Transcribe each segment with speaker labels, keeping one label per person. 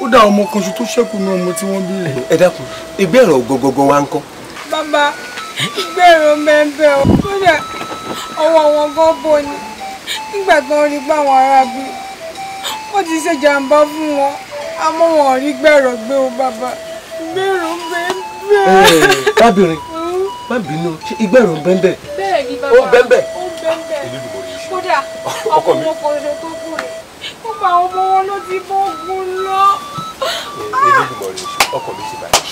Speaker 1: ó dá ọmọ kan ṣu tó ṣẹ́kù ní ọmọ tí wọ́n bí rẹ̀. ẹ dákun ìgbẹ́rọ̀ gọgọgọ wa ń kọ́. bàbá ìgbẹ́rọ̀ mẹ́ńbẹ́ o kódà ọwọ́ wọn gan bò ní nígbà tí wọ́n rí pé àwọn arábí wọ́n ti ṣe jàǹbá fún wọn àmọ́ wọn ò rí gbẹ̀rọ̀ gbé o bàbá ìgbẹ́rọ̀ mẹ́ńbẹ́. rábìnrin má bínú ṣe ìgbẹ́rọ̀ bẹ́ńbẹ́. bẹ́ẹ̀ ni bàbá ó bẹ́ńbẹ́. ó kódà ọkọ̀ ọmọkùnrin tó kù rẹ̀ ó bá ọmọ wọn ló ti bọ́ gún lọ ilé ìgbìmọ̀ rẹ̀ ṣe ọkọ̀ mi ti bàjẹ́.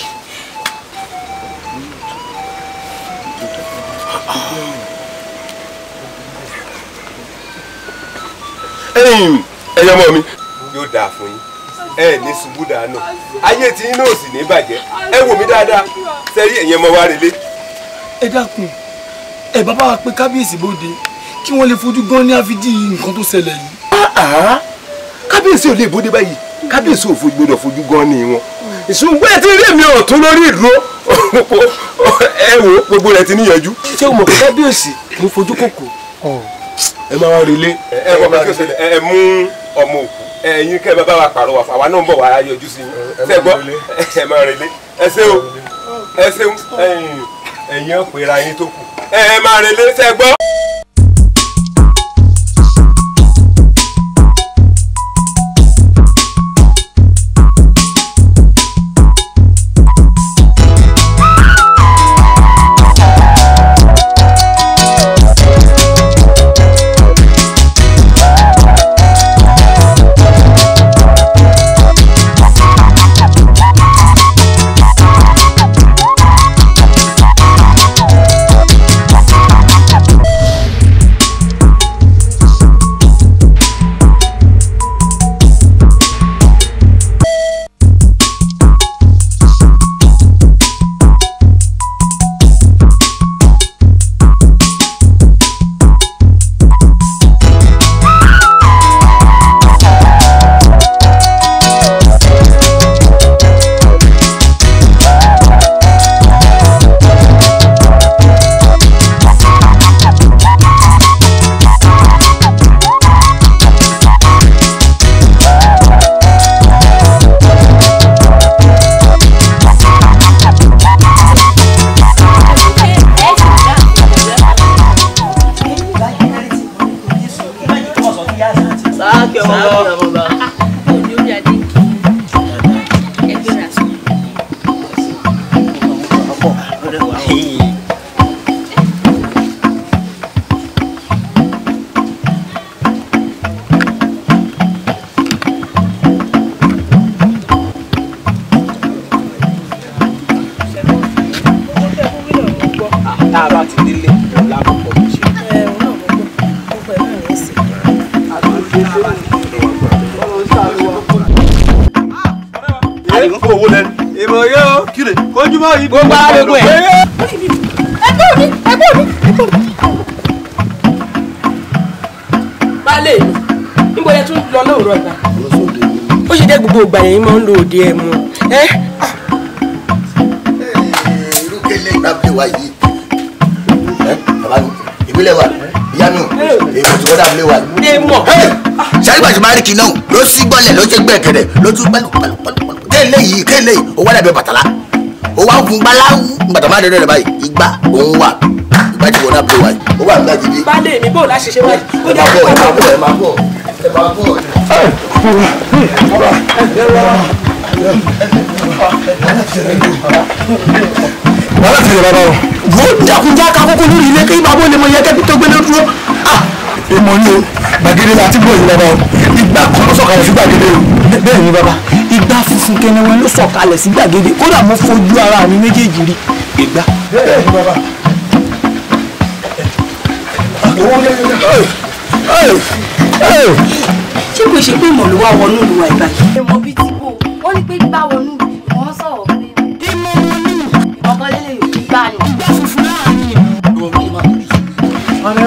Speaker 1: ẹyẹ ọmọ mi. yóò dáa fún yín ẹ ní ṣubú dànù ayé tí yín náà sì ní bàjẹ́ ẹ wò mí dáadáa sẹ́rí ẹ̀yẹn ọmọ wa relé. ẹ dákun ẹ bàbá wa pé kábíyèsí bóde kí wọ́n lè fojú gan ní àfidí nǹkan tó ṣẹlẹ̀ yìí. Ah, ah. kábíyèsí ò lè bóde báyìí kábíyèsí ò fojú gbọdọ̀ fojú gan ni wọn ìṣùgbọ́n ẹ ti rí èmi ọ̀tún lórí ìdúró ẹ wo gbogbo rẹ ti níyànjú. ṣé o mọ̀ pé kábíyèsí ló fojú kòkò ẹ máa wá relé. ẹ wọ bá kíyèsí ẹ mú ọmọ òkú ẹyin kẹ bàbá wa pàrọwà fún àwa náà ń bọ̀ wá yọjú sí i ṣe gbọ́ ẹ máa relé ẹ ṣe o ẹ ṣeun ẹyin ẹyin ọ̀pẹ̀ra yín tó kù ẹ máa relé ṣe gbọ́. àdìgún owó lẹ́nu. ìmọ̀ yóò kíre kójúmọ́ yìí. gbogbo ara gbogbo ẹ̀. ẹgbẹ́ òní ẹgbẹ́ òní ẹgbẹ́ òní. baálé mi níbo lẹ tún lọ lóòrọ̀ ìgbà. ó ṣe jẹ́ gbogbo ìgbà yẹn máa ń lo òde ẹ̀ mu. irú kele ìgbàgbé wa yìí bàbá mi ìbílẹ̀ wa ìyá mi èmi tí wọ́n dà bílẹ̀ wa. ẹ mọ̀. Ah! ṣàlùbàṣù máa rí kí náà ló sí gbọ́lẹ̀ ló ṣe gbẹ̀gẹ̀rẹ̀ ló tún pẹ́lú pẹ́lú pẹ́lú kéèlé yìí kéèlé yìí ó wà lábẹ́ bàtàlá ó wà fún máa rẹ̀ rẹ̀ báyìí ìgbà òun wà ìgbà tí wọn náà pè wáyé ó wà nígbà jíjí. bá dé mi bò láṣẹ ṣe wáyé. ẹ máa bọ̀ ẹ máa bọ̀ ẹ máa bọ̀ wàhálà ti rẹ̀ bàbá o. wọ́n dàkúnjà kakókó lórí ilé kí bàbá olè mọ iye kẹ́kẹ́ tó gbélé dúró. Ah! èmọ̀ ni o gbàgede la ti gbọ́ yìí bàbá o igbá kan ló sọ̀kalẹ̀ sí gbàgede o. bẹ́ẹ̀ ni bàbá igbá funfun kẹnẹwẹ́ ló sọ̀kalẹ̀ sí gbàgede kódà mo fojú ara mi méjèèjì rí igbá. bẹ́ẹ̀ ni bàbá. ṣé kò ṣe pé ìmọ̀ ló wá wọnú ìlú wa ìbàdí. èèmọ̀ bíi ti bò ó ní pé gbá wọnú ìwọ̀n sọ̀rọ̀ bẹ́ẹ̀. ìmọ̀ wọnú ìbọ̀kọ́ lélẹ̀ yóò gbá ni. ìgbà funfun náà ni. ọ̀rẹ́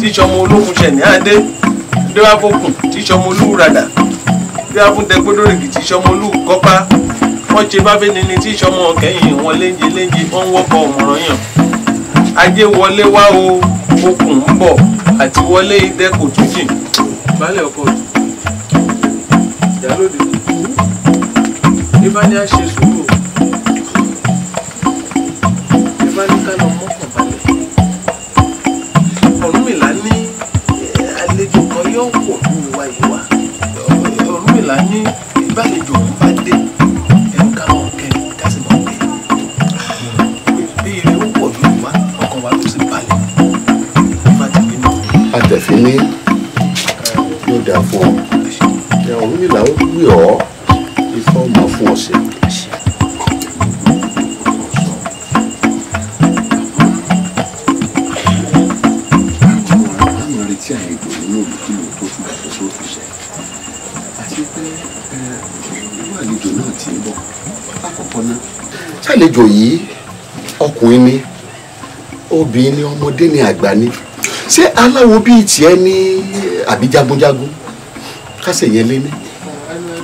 Speaker 1: tí í ṣọmọ olókun ṣẹ̀ní adé déwàfọkùn tí í ṣọmọ olúradà déwàfúndẹgbódòrèkì tí í ṣọmọ olúkọpá wọn ṣe bá fẹni ni tí í ṣọmọ ọkẹyìn wọn léńjẹ léńjẹ wọn ń wọkọ ọmọràn yàn ajé wọlé wá o okùn ń bọ̀ àti wọlé idẹ kò tún jìn balẹ̀ ọkọ
Speaker 2: ìyálòdì ní bá ní sùúrù ní bá mọ́.
Speaker 1: yóò pọ̀ ní ìwà ìwà Ọ̀rúnmìlà ní ìgbàlejò òun bá dé ẹ̀rù ká kẹ́ni ká sì bí ire ó pọ̀ ní ìwà ọkàn wa ló sì balẹ̀ má ti bínú. àtẹ̀fín ní yóò dáa fún ọ Ọ̀rúnmìlà ó gbé ọ́. obìnrin ni ọmọdé ni àgbà ni ṣé aláwo bíi tiẹ̀ ní àbí jagunjagun kásẹ̀ yẹn lé ní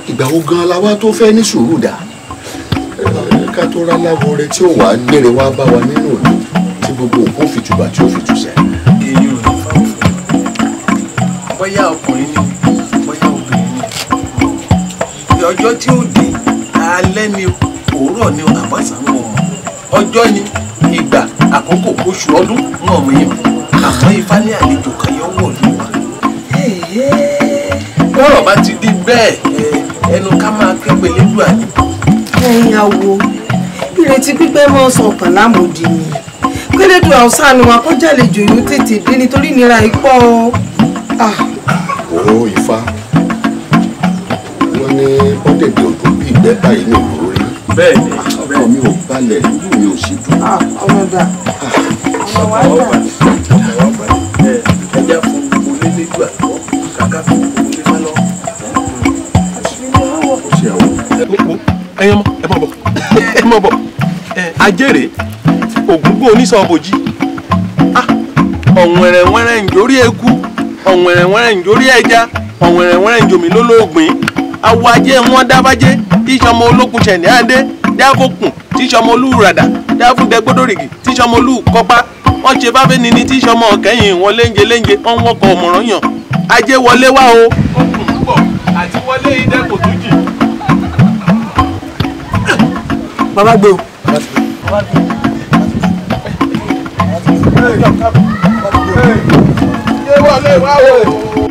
Speaker 1: ìgbà wo gan la wá tó fẹ́ ní sùúrù dá ká tó rá láwo rẹ tí ó wàá gbére wá bá wa nínú òní tí gbogbo òkú fi tùbà tí ó fi tùsẹ̀. èyí bóyá ọkùnrin ni bóyá obìnrin ni ọjọ́ tí ó dé alẹ́ ni òwúrọ̀ ni àbọ̀sán ni ọjọ́ ni ìgbà àkókò oṣù ọdún ń ọmọ yẹn àmọ́ ifá ní àlejò kan yọ wọ̀ ní wa. bọ́rọ̀ bá ti di bẹ́ẹ̀ ẹnu ká máa képe lẹ́dùn àná. ẹ̀yin awo ìrètí pípẹ́ mọ́ sọ̀kan lámòdì ni kérédù ọ̀sán ni wọn kó jàlejò ìlú tètè dé nítorí ìnira ipò ah. ó ifá wọn ní ó dèbè òdò bíi ìgbẹ́ báyìí nìlú rí. bẹ́ẹ̀ ah, ọkọ mi ò balẹ̀ lójú mi ò sí dùn. Ah, ọmọ dà ọmọ wa
Speaker 2: dà. ẹja fún olè lẹ́jọ́ àtọ́ kàkà fún olè má lọ.
Speaker 1: ẹyẹ mọ ẹ mọ bọ ẹ mọ bọ ajẹrè ògúngbò onísọ̀bòjì ah, ọ̀wẹ̀rẹ̀ wẹ́rẹ́ njórí eku ọ̀wẹ̀rẹ̀ wẹ́rẹ̀ njórí ẹja ọ̀wẹ̀rẹ̀ njomi lólóògbìn awo ajé wọn dábàjẹ́ iṣan ọmọ olókun ṣẹ̀ní adé dákòkùn tí sọmọ olúradà dá fún bẹ gbódòrìgì tí sọmọ olúkọpá wọn ṣe bá fẹ́ nini tí sọmọ ọ̀kẹ́yìn wọn léńje léńje wọn ń wọkọ̀ ọ̀mọ̀ràn yàn ajé wọlé wá o. ó púpọ̀ àti wọlé idẹ kò tún jì. bàbá gbé o. bàbá gbé o.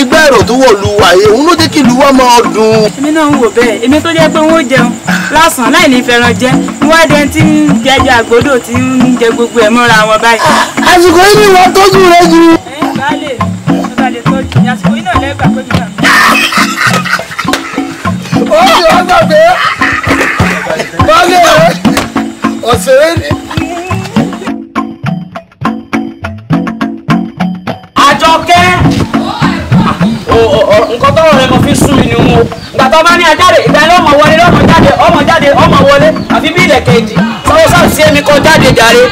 Speaker 1: igbá èrò tó wọ̀ lu wa òun ló jẹ́ kí ìlú wa máa dùn. èmi náà ń wò bẹ́ẹ̀ èmi tó jẹ́ pé wọ́n jẹun lásán láì ní fẹ́ràn jẹ wọ́ọ̀dẹ tí ń jẹjọ àgbódò tí ń jẹ gbogbo ẹ̀ mọ́ra wọn báyìí. Ah, àsìkò yìí ni wọ́n tọ́jú rẹ jù. ẹ̀yin baálé baálé tọ́jú ni àsìkò yìí náà lẹ́gbàá pé mi náà. ó ti wá gbàgbé baálé ọ̀sẹ̀ rẹ̀ ni. nkan tó rọrẹ mo fi sú mi ni wọn o gbàtọ́ bá ní ajáde ọmọ wọlé lọ́mọ jáde ọmọ jáde ọmọ wọlé àfi bí ilẹ̀ kejì sọ́wọ́ sọ́ọ̀ sí èmi kan jáde jàre.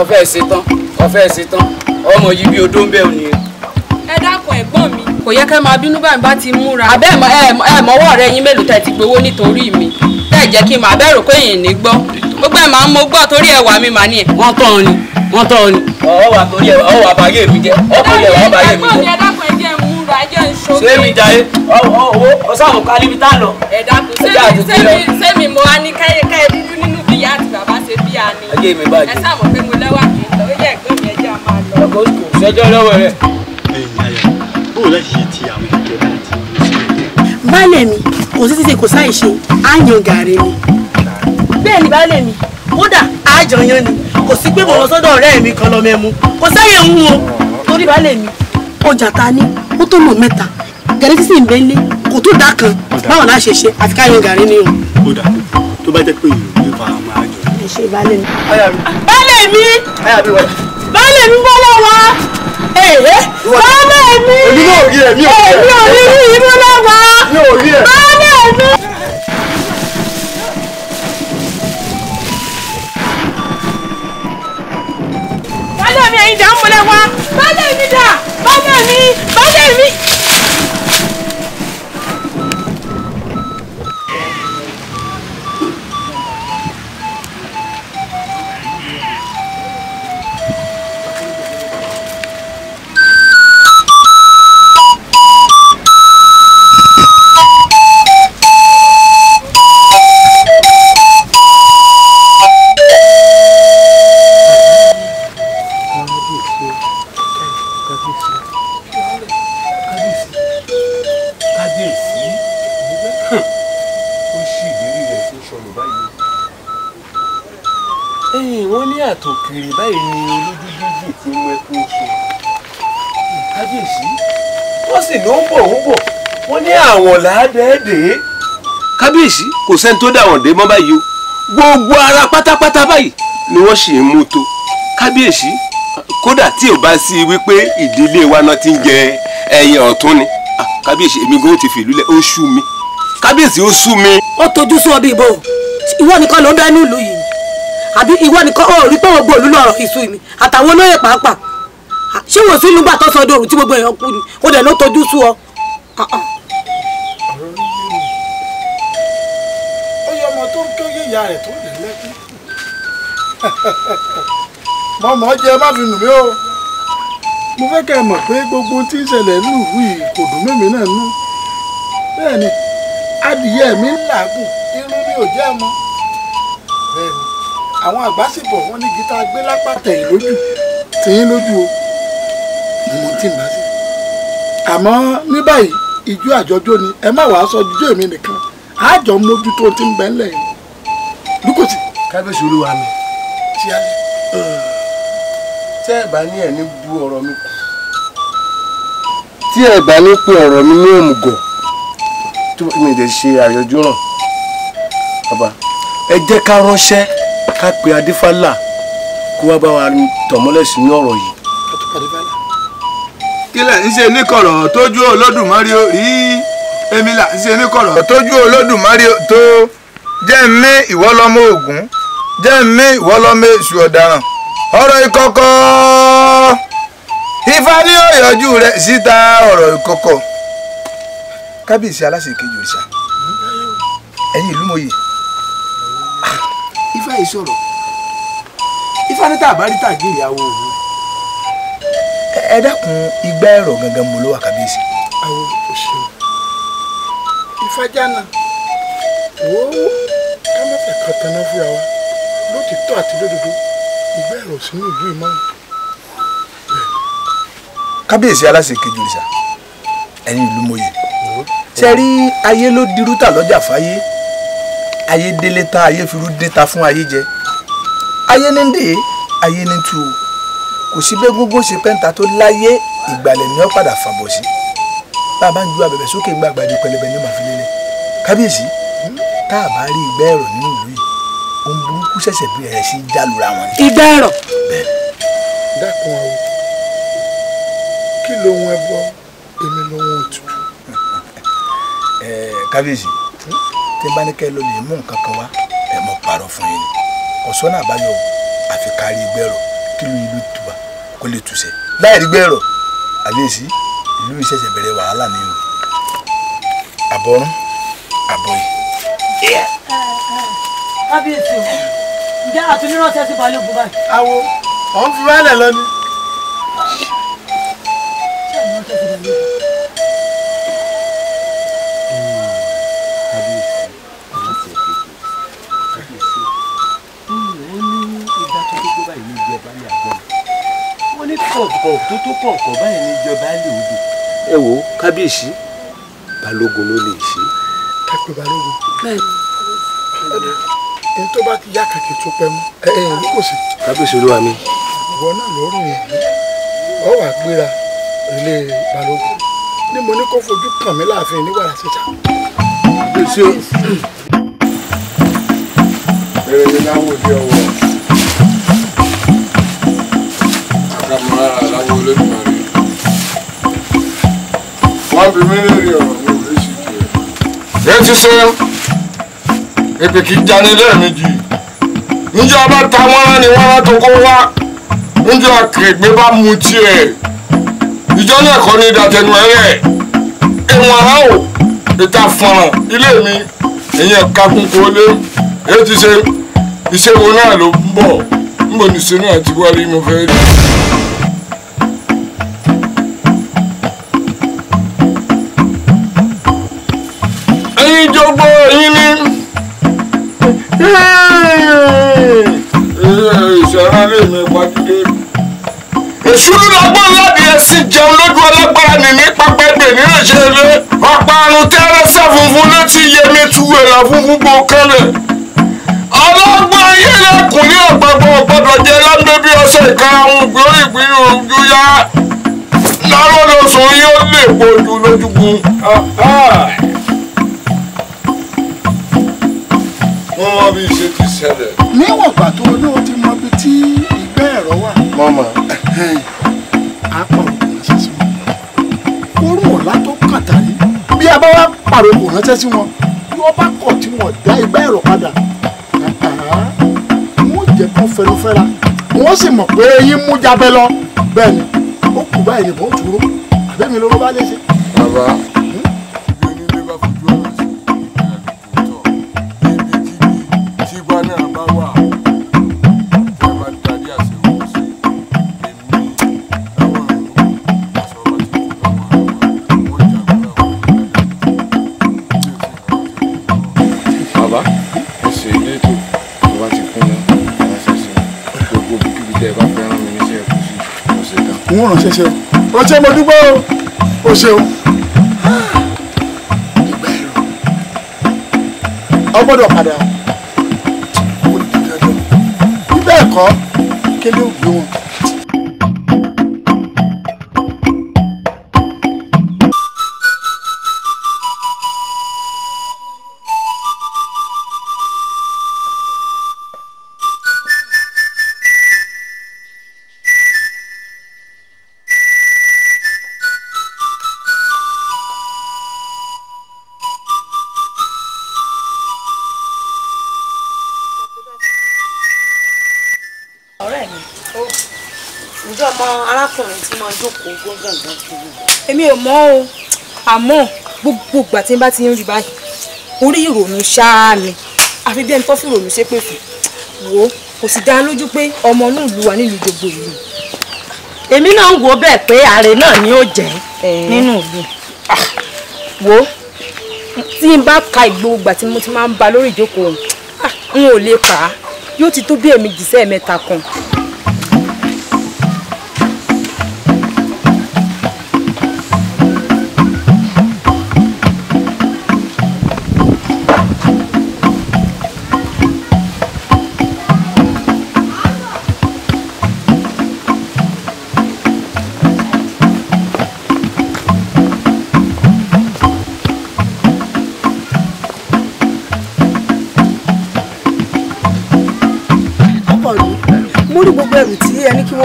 Speaker 1: ọfẹ ṣetán ṣetán ọmọ yìí bí odó ń bẹ òní. ẹ dákun mi. kò yẹ kẹ́ máa bínú báyìí bá ti múra. àbẹ́ ẹ̀ mọ́wọ́ rẹ yín mélòó ti gbowó nítorí mi tẹ̀ jẹ́ gbogbo ẹ̀ máa ń mọgbọ́ torí ẹ̀wà mi màá ní ẹ̀. wọ́n tọ́ ọ ni wọ́n tọ́ ọ ni. ọwọ́ wà torí ẹ̀wà ọwọ́ àbáyé mi jẹ́ ọkọ̀ ìyẹ̀wà àbáyé mi jẹ́. sẹ́mi jayé owó ọ̀sán kálíbi tá a lọ. ẹ̀dá kù sẹ́mi sẹ́mi mo wá ní káyékáyé dúdú nínú bíyà àti bàbá ṣe bíyà ni. ẹ sáà pé mo lẹ́wà kì í lọ ó yẹ ẹ̀gbọ́n mi ẹja máa lọ. ọkọ̀ kò lọ́wọ́ rẹ̀. báyẹ̀ mi kò sí bẹ́ẹ̀ ni baálé mi kódà àjọyàn ni kò sí pé mo lọ sọ́dọ̀ ọ̀rẹ́ mi kan lọ mẹ́mu kò sáyè ń wo torí baálé mi ọjà ta ni ó tó lò mẹ́ta gàrí sísè ń bẹ́lẹ̀ kò tó dá kan báwo la ṣe ṣe àti káyọ̀ gàrí ni o. kódà tó bá jẹ́ pé ìròyìn fa àwọn àjọ. ẹ ṣe baálé mi. baálé mi baálé mi bọ́ lọ́wọ́ èyí baálé mi èmi ò rí rí ìmúlọ́wọ́ baálé mi. ẹ̀yin dà ń mọ̀lẹ́ wa bàdé mi dà bàdé mi bàdé mi. dẹ́ẹ̀dẹ́. kábíyèsí kò sẹ́ni tó dà wọ́n dé mọ́ báyìí o gbogbo ara pátápátá báyìí ni wọ́n sì ń mú tó kábíyèsí kódà tí ò bá sí wípé ìdílé wa náà ti ń jẹ ẹyin ọ̀tún ni kábíyèsí èmi gan ti fìlú lẹ̀ ó sú mi kábíyèsí ó sú mi. ó tojú sún ọbẹ̀ ìbò ìwọ nìkan ló ń bẹ nílùú yìí àbí ìwọ nìkan ó rí pé òun gbòòlù lọ́rọ̀ ìsú mi àtàwọn olóyè pàápàá ṣé wò sí ìlú gbà tó sọ tí gbogbo èèyàn kú ni ó dẹ̀ ló tojú sún ọ ìyá rẹ̀ tó lè lẹ́kún mọ̀mọ́ jẹ má fi nù mí o mo fẹ́ kẹ́ ẹ mọ̀ pé gbogbo tí ń ṣẹlẹ̀ ń lùwú yìí kò dùn mímí náà nú bẹ́ẹ̀ ni adìyẹ mi ń làágùn irú mi ò jẹ́ mọ́ bẹ́ẹ̀ àwọn àgbà sì ní gíta gbé lápá tẹ̀yìn lójú tẹ̀yìn lójú o mo ti bá sí àmọ́ ní báyìí ìjọ àjọjọ́ ni ẹ má wàá sọ jíjọ́ mi nìkan àjọ mójútó ti ń bẹ́ńlẹ̀ yìí kábíyèsí olúwa mi tí a tẹ́ ẹ̀ bá ní ẹ̀ ní bu ọ̀rọ̀ mi kù tí ẹ̀ bá ní pé ọ̀rọ̀ mi ní òmùgọ̀ tí mi lè ṣe àyọjú ràn bàbá ẹ jẹ́ ká ránṣẹ́ ká pe adífálà kó wá bá wa tọ̀mọ́lẹ̀sí ní ọ̀rọ̀ yìí. kílẹ̀ ń ṣe níkọ̀rọ̀ tójú olódùmarè rí èmi là ń ṣe níkọ̀rọ̀ tójú olódùmarè tó jẹ́ mi ìwọ́lọ́mọ ògún jẹ́mi ìwọ lọ́mọ èṣù ọ̀daràn ọ̀rọ̀ ìkọ̀kọ̀ ifá ní òyọ̀jú rẹ̀ síta ọ̀rọ̀ ìkọ̀kọ̀ kábíyèsí aláṣèkejì òrìṣà ẹ̀yin ìlú mòye ifá yìí sọ̀rọ̀ ifá ní tàbá rí tàgé ìyàwó òun. ẹ dákun igbá ẹ̀rọ gangan mo ló wà kábíyèsí. àwọn òṣèlú ifá jánà ó ká má fẹ́ kọ́ tán náà fúra lótìtọ́ àti lódodo ìgbẹ́ ẹ̀rọ sínú ìlú ìmọ̀ kábíyèsí aláṣẹ kejì òrìṣà ẹ̀yin ìlú mòye ṣe rí ayé ló dirú tà lọ́jà fáyé ayé délé ta ayé firú dé ta fún ayé jẹ ayé ní dè ayé ní tu o kò sí bẹ́ẹ̀ gógó ṣe pẹ́ńta tó láyé ìgbàlẹ̀ ni ó padà fàbọ̀ sí bá a bá ń ju abẹ̀bẹ̀ sókè gbàgbà di pẹlẹbẹ ní màfilélẹ̀ kábíyèsí hmm? tá a bá rí ìgbẹ́ ẹ̀rọ nínú ìlú yìí ó ń burú kúkú ṣẹ̀ṣẹ̀ bẹ̀rẹ̀ sí í dálura wọn. ìdárọ̀. bẹ́ẹ̀. dákun àwọn kí lohun ẹbọ èmi lohun òtútù. ẹ kábíyèsí tí bá ní kẹ́ ló lè mú nǹkan kan wá ẹ mọ̀ pààrọ̀ fún yín ọ̀sọ́nà àbáyọ àfi kárí gbẹ́rọ̀ kí ló ìlú tuba kó lè túṣẹ láì rí gbẹ́rọ̀ àbíyèsí ìlú ìṣẹ̀ṣẹ̀ bẹ̀rẹ̀ wàhálà ni o àbọ̀rún àbọ̀yì. kábíyèsí o ǹjẹ́ àtúndí ránṣẹ́ sí balógun báyìí. àwo ọ̀hún fi wálẹ̀ lọ ni. Hmm, wọ́n ní kọ̀ọ̀kọ̀ tó tó kọ̀ọ̀kọ̀ báyìí níjọba lè odò. ẹ wo kábíyèsí balógun ló lè ṣe. ká pè balógun. bẹ́ẹ̀ ni ní tó bá ti yá kàkì tó pẹ́ mú ẹ ẹ ní kò sí. kábíyèsí olúwa mi. ìwọ náà lọ́rùn yẹn ọ wà gbéra ilé balógun ni mo ní kó fojú kàn mí láàfin ní wàrà síta. kábíyèsí o. eré mi láwọ òde
Speaker 2: ọwọ. àkàmọ́ra láwọ olódùmarè. wọ́n bí mi
Speaker 1: lè ọ̀rọ̀ mi ò lè ṣe jù ẹ̀. ẹ ti sẹ́yìn èpè kì í jani lẹ́ẹ̀mejì níjọ́ bá ta wọ́nrán ni wọ́nrán tó kó wá níjọ́ akèrègbè bá mu tiẹ̀ ìjọ náà kọ́ ni ìdàtẹ̀nu ẹ̀rẹ̀ ìwọ̀n ara ò ìta fọ̀ràn ilé mi ìyẹn kakún kó lé èyí ti ṣe iṣẹ́ wo náà ló ń bọ̀ níbo ni iṣẹ́ náà ti wáyé mo fẹ́ rí. ẹ̀yin jogbo ẹ̀yin ni ìṣòro rẹ mi pàdé. ìṣúná lọ́gbọ́n láti ẹsìn jẹun lójú ọlọ́gbọ́n mi ní pápá gbè ní ẹ̀jẹ̀ lé ọ̀pá àrùn tẹ́rẹsẹ̀ funfun létí yẹmi tu èèlà funfun bò kẹlẹ̀. ọlọ́gbọ́n ayélẹ́kùn ní ọ̀gbọ̀gbọ̀ ọ̀gbọ̀dọ̀ jẹ́ lábẹ́ bí ọ̀sẹ̀ ìkarahun lórí ìpínlẹ̀ ojú yá lọ́rọ́ lọ́sùn yóò lè pọ̀ jù lójúgun. Ah, ah. wọ́n
Speaker 2: mọ bí ṣe ti ṣẹlẹ̀.
Speaker 1: níwọ̀n ìgbà tó ní o ti mọ ibi tí ìgbẹ́ ẹ̀rọ wà. mọ́mọ́ a pàrọ̀ kò ránṣẹ́ sí wọn. orun ọ̀la tó kàtà yìí bí a bá wá pàrọ̀ kò ránṣẹ́ sí wọn bí wọ́n bá kọ̀ tí wọ́n dá ìgbẹ́ ẹ̀rọ padà wọ́n jẹ́ kó fẹ́rẹ́fẹ́ra wọ́n sì mọ̀ pé yín mú jábẹ́ lọ bẹ́ẹ̀ ni ó kù báyìí ni mò ń turo àbẹ́mi lóró bá lé ṣe. bàbá o ṣe mo dúpẹ́ o o ṣeun ọgbọ́dọ̀ padà ó di dandan bí kí ló gbé wọn. èmi ò mọ̀ o àmọ́ gbogbo ìgbà tí n bá ti ń rí báyìí orí ìrònú ṣáá ni àfi bí ẹni tó fi ìrònú ṣépè fún wò ó kò sì dá lójú pé ọmọ inú ìlú wa nílùú gbogbo ìlú. èmi náà ń wo bẹ́ẹ̀ pé ààrẹ náà ni ó jẹ́
Speaker 2: nínú ìlú ah,
Speaker 1: wò ó tí n bá ka ìgbòho ìgbà tí mo ti máa ń ba lórí ìjókòó ah, n ò lè kà á ti tó bí èmi jìṣẹ́ mẹ́ta kan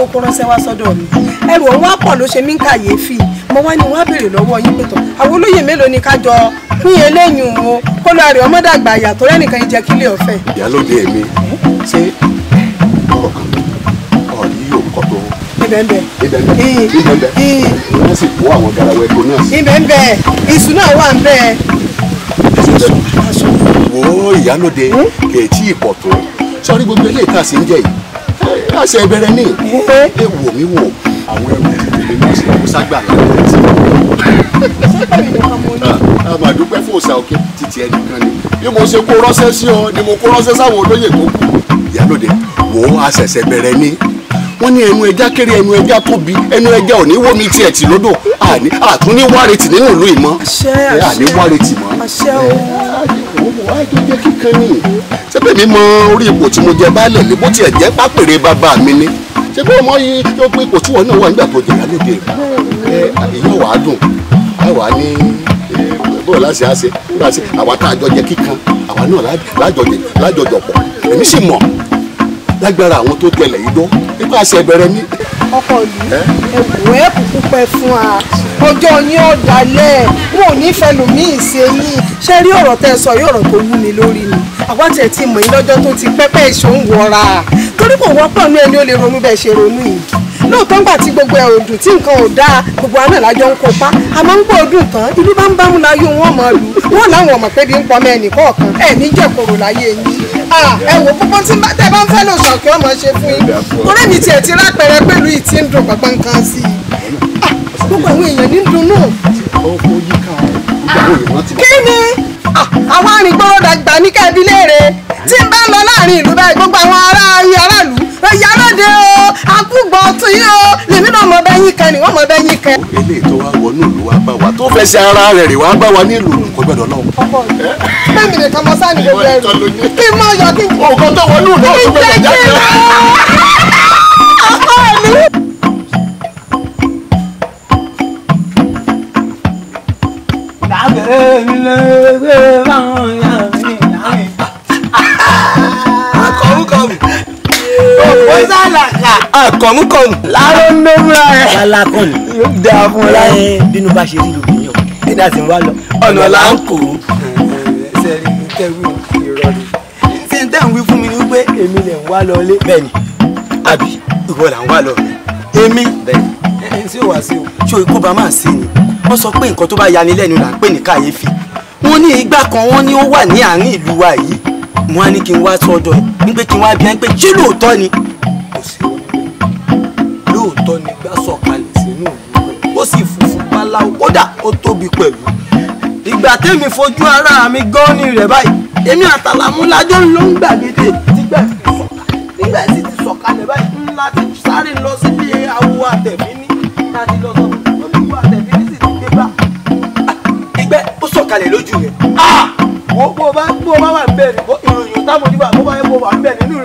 Speaker 1: olówó kó ránṣẹ́ wá sọ́dọ̀ mi ẹrù ọ̀hún wá pọ̀ ló ṣe mí ń kàyéfì mo wá ní wọ́n á béèrè lọ́wọ́ yín pẹ̀tọ̀ àwọn olóyè mélòó ni ká jọ pín eléyìí o kó lọ rè ọmọdàgbà yàtọ̀ rẹ́nìkan jẹ́ kílé ọ̀fẹ́. ìyálòde èmi ṣé ọkàn ọ̀rí yóò kọ́ tó. ibẹ̀ǹbẹ̀ ibẹ̀ǹbẹ̀ wọ́n sì kó àwọn garawa epo náà sí. ibẹ̀ǹbẹ̀ iṣu náà wà ń bẹ́ẹ̀. wo ìyálòde hmm? kèétí ìpọ̀ tó àṣẹ ìbẹ̀rẹ̀ ní ẹ wò mí wò àwọn ẹrù ìpele náà sì lọ́wọ́ ságbà láti ti wọ́n. àmà dúpẹ́ fún òòsà òkè títí ẹnìkan ni bí mo ṣe kó ránṣẹ́ sí ọ ni mo kó ránṣẹ́ sáwọn olóyè tó kù ìyálòdè wò ó àṣẹ̀ṣẹ̀ bẹ̀rẹ̀ ní wọ́n ní ẹnu ẹja kéré ẹnu ẹja tóbi ẹnu ẹja ò ní wó mi tiẹ̀ tì lódò àtúní wárètì nínú ìlú ìmọ̀ àní wárètì
Speaker 2: mọ́ wáyé tó
Speaker 1: jẹ́ kíkan ni sẹ́pẹ̀ mi mọ orí ipò tí mo jẹ baálẹ̀ ní bó tiẹ̀ jẹ́ pápẹ̀rẹ̀ bàbá mi ni ṣé bí ọmọ yìí tó pé ipò tí wọn náà wà nígbà tó jẹ lálóde ẹ ìyá wàá dùn àwa ní bọ́ọ̀ láti àṣẹ láti àwa tá a jọ jẹ kíkan àwa náà lájọjẹ lájọjọpọ̀ èmi sì mọ̀ lágbára àwọn tó tẹlẹ̀ yìí dọ́ nípa àṣẹ ìbẹ̀rẹ̀ mi ọkọ ìlú ẹwù ẹ kúkú pẹ fún wa ọjọ́ yín ọ̀dàlẹ̀ wọn ò ní fẹ́ lòmíì ṣe yín ṣé rí ọ̀rọ̀ tẹ́ ẹ sọ yóò rọ̀ tó wú mi lórí ni àwọ̀tẹ̀ ti mọ̀ yín lọ́jọ́ tó ti pẹ́pẹ́ ìṣòwò ọ̀ra torí kò wọ́pọ̀ ní ẹni ó lè ronú bẹ́ẹ̀ ṣe ronú yìí lóòótọ́ ńgbà tí gbogbo ẹ̀ ò dùn tí nǹkan ò dáa gbogbo àná lájọ ń kópa àmọ́ ń gbọ́ ọdún tán ìlú bá ń bámú láyé wọn mọ̀ lù wọn làwọn ọmọ pé bí ń pọmọ ẹnì kọ̀ọ̀kan ẹ̀ ní jẹ̀kọ̀rọ̀ láyé yín ẹ wò gbogbo tí tẹ bá ń fẹ́ lò sàn kí wọ́n máa ṣe fún yín torí mi tiẹ̀ ti rápẹrẹ pẹ̀lú ìtì ń dùn gbọ̀ngbọ̀n kan sí i gbogbo àwọn èèyàn ní dunnú. kí ni àwọn arìngbọ́rọ̀ dàgbà ní kábílẹ̀ rẹ̀ tí ń bá lọ ni wọ́n mọ bẹ́ẹ̀ yín kẹ. eléyìí tó wá wọnú ìlú wa bá wa tó fẹsẹ̀ ara rẹ̀ rè wá bá wa ní ìlú nǹkan gbọ́dọ̀ náà. ọkọ nìkan mọ sáà ní gbogbo ẹrù kí n mọ yọ kí n. òkan tó wọnú ìlú ọ̀tún gbọ́dọ̀ jáde. ọkọ mi. lè gbé báwọn yà. sálàkà. àkọ̀mùkọ̀mù. láró ń dé fúnra rẹ̀. alákọ̀ ni. yóò dáa fún ọ láyé. bínú bá ṣe rí lòdì yàn ẹ̀dá sì ń wá lọ. ọ̀nà là ń kó. ṣe rí i tẹ́wé ìrọ̀lẹ́. ṣé n tẹ́ ń wí fún mi ni pé èmi lè ń wá lọ lé. bẹ́ẹ̀ni àbí ìwọ là ń wá lọ rẹ èmi. bẹ́ẹ̀ni ṣé o wá sí o. ṣé o kó ba máa ṣe ni wọ́n sọ pé nǹkan tó bá yani lẹ́nu là ń pè ní kàyéfì wọ́n ní ìgbà kan wọ́n ní ó wà ní àárín ìlú wa yìí mo á ní kí n wá sọ́dọ̀ ẹ ní pé kí n wá bí ẹ pé ṣé lóòótọ́ ni o kódà ó tóbi pẹ̀lú ìgbà tẹ́mi fojú ara mi gan ni rẹ̀ báyìí èmi àtàlàmú lájọ́ ló ń gbàgede nígbà nígbà tí ti sọ̀kalẹ̀ báyìí ńlá ti sáré lọ sílé awo àtẹ̀fíní láti lọ sọ olùkọ́ àtẹ̀fíní sì ti dé bá. ìgbẹ́ ó sọ̀kalẹ̀ lójú rẹ̀. Ah! wo bó bá wà ń bẹ̀ ni ìròyìn táwọn oníbà bó bá yẹ kó wà ń bẹ̀ nínú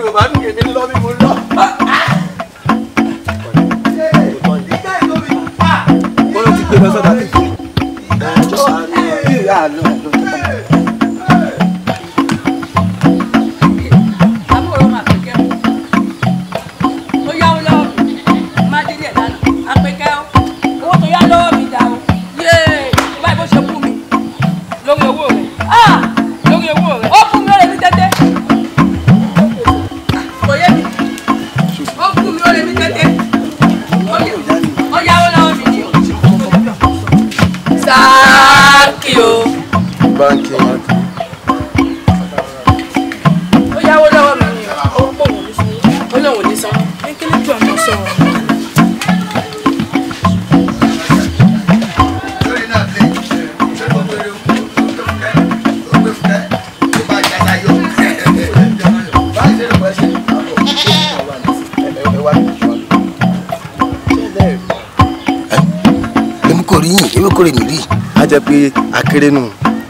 Speaker 1: kéré nù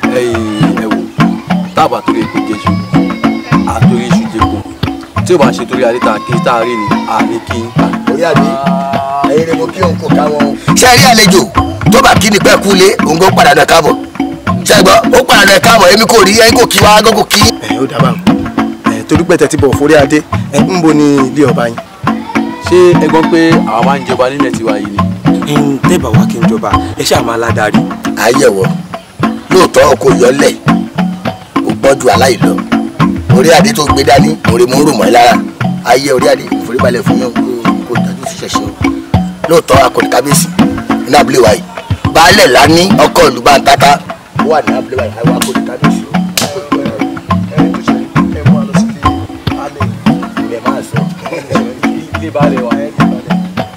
Speaker 1: ẹ wò tábà torí epo jésù àtòrí iṣu jẹko tí o bá ṣe torí adé ta kí tá a rí ni àní kí n ta. orí àdé ẹyin ni mo kí òun kò káwọn. ṣé ẹ rí àlejò tó bá kí ni pẹ́ kú lé òun kò padà náà káàbọ̀ ṣẹ́gbọ́n ó padà náà káàbọ̀ èmi kò rí ẹ kò kí wá kò kí. ẹ ó dábàá ẹ torí pẹ̀tẹ̀ ti bọ̀ fún adé ẹ ń bo ni ilé ọba yín. ṣé ẹ gbọ́ pé àwọn máa ń jọba nílẹ̀ tiwa yìí ni. ǹ tẹ́ wá kí n jọba ẹ ṣáà máa ládàá rí. ayẹwo lóòótọ́ kò yọlẹ̀ ó gbọ́n ju aláìlọ orí adé tó gbé dání orí mú rò mọ́ ẹ lára ayé orí adé ìforíbalẹ̀ fún yàn kó dájú sí ṣẹ̀ṣẹ̀ o lóòótọ́ akọni kábíyèsí ní abúlé wa yìí baálẹ̀ lání ọkọ̀ ìlú bá ń tata wà ní abúlé wa yìí àwọn akọni kábíyèsí o.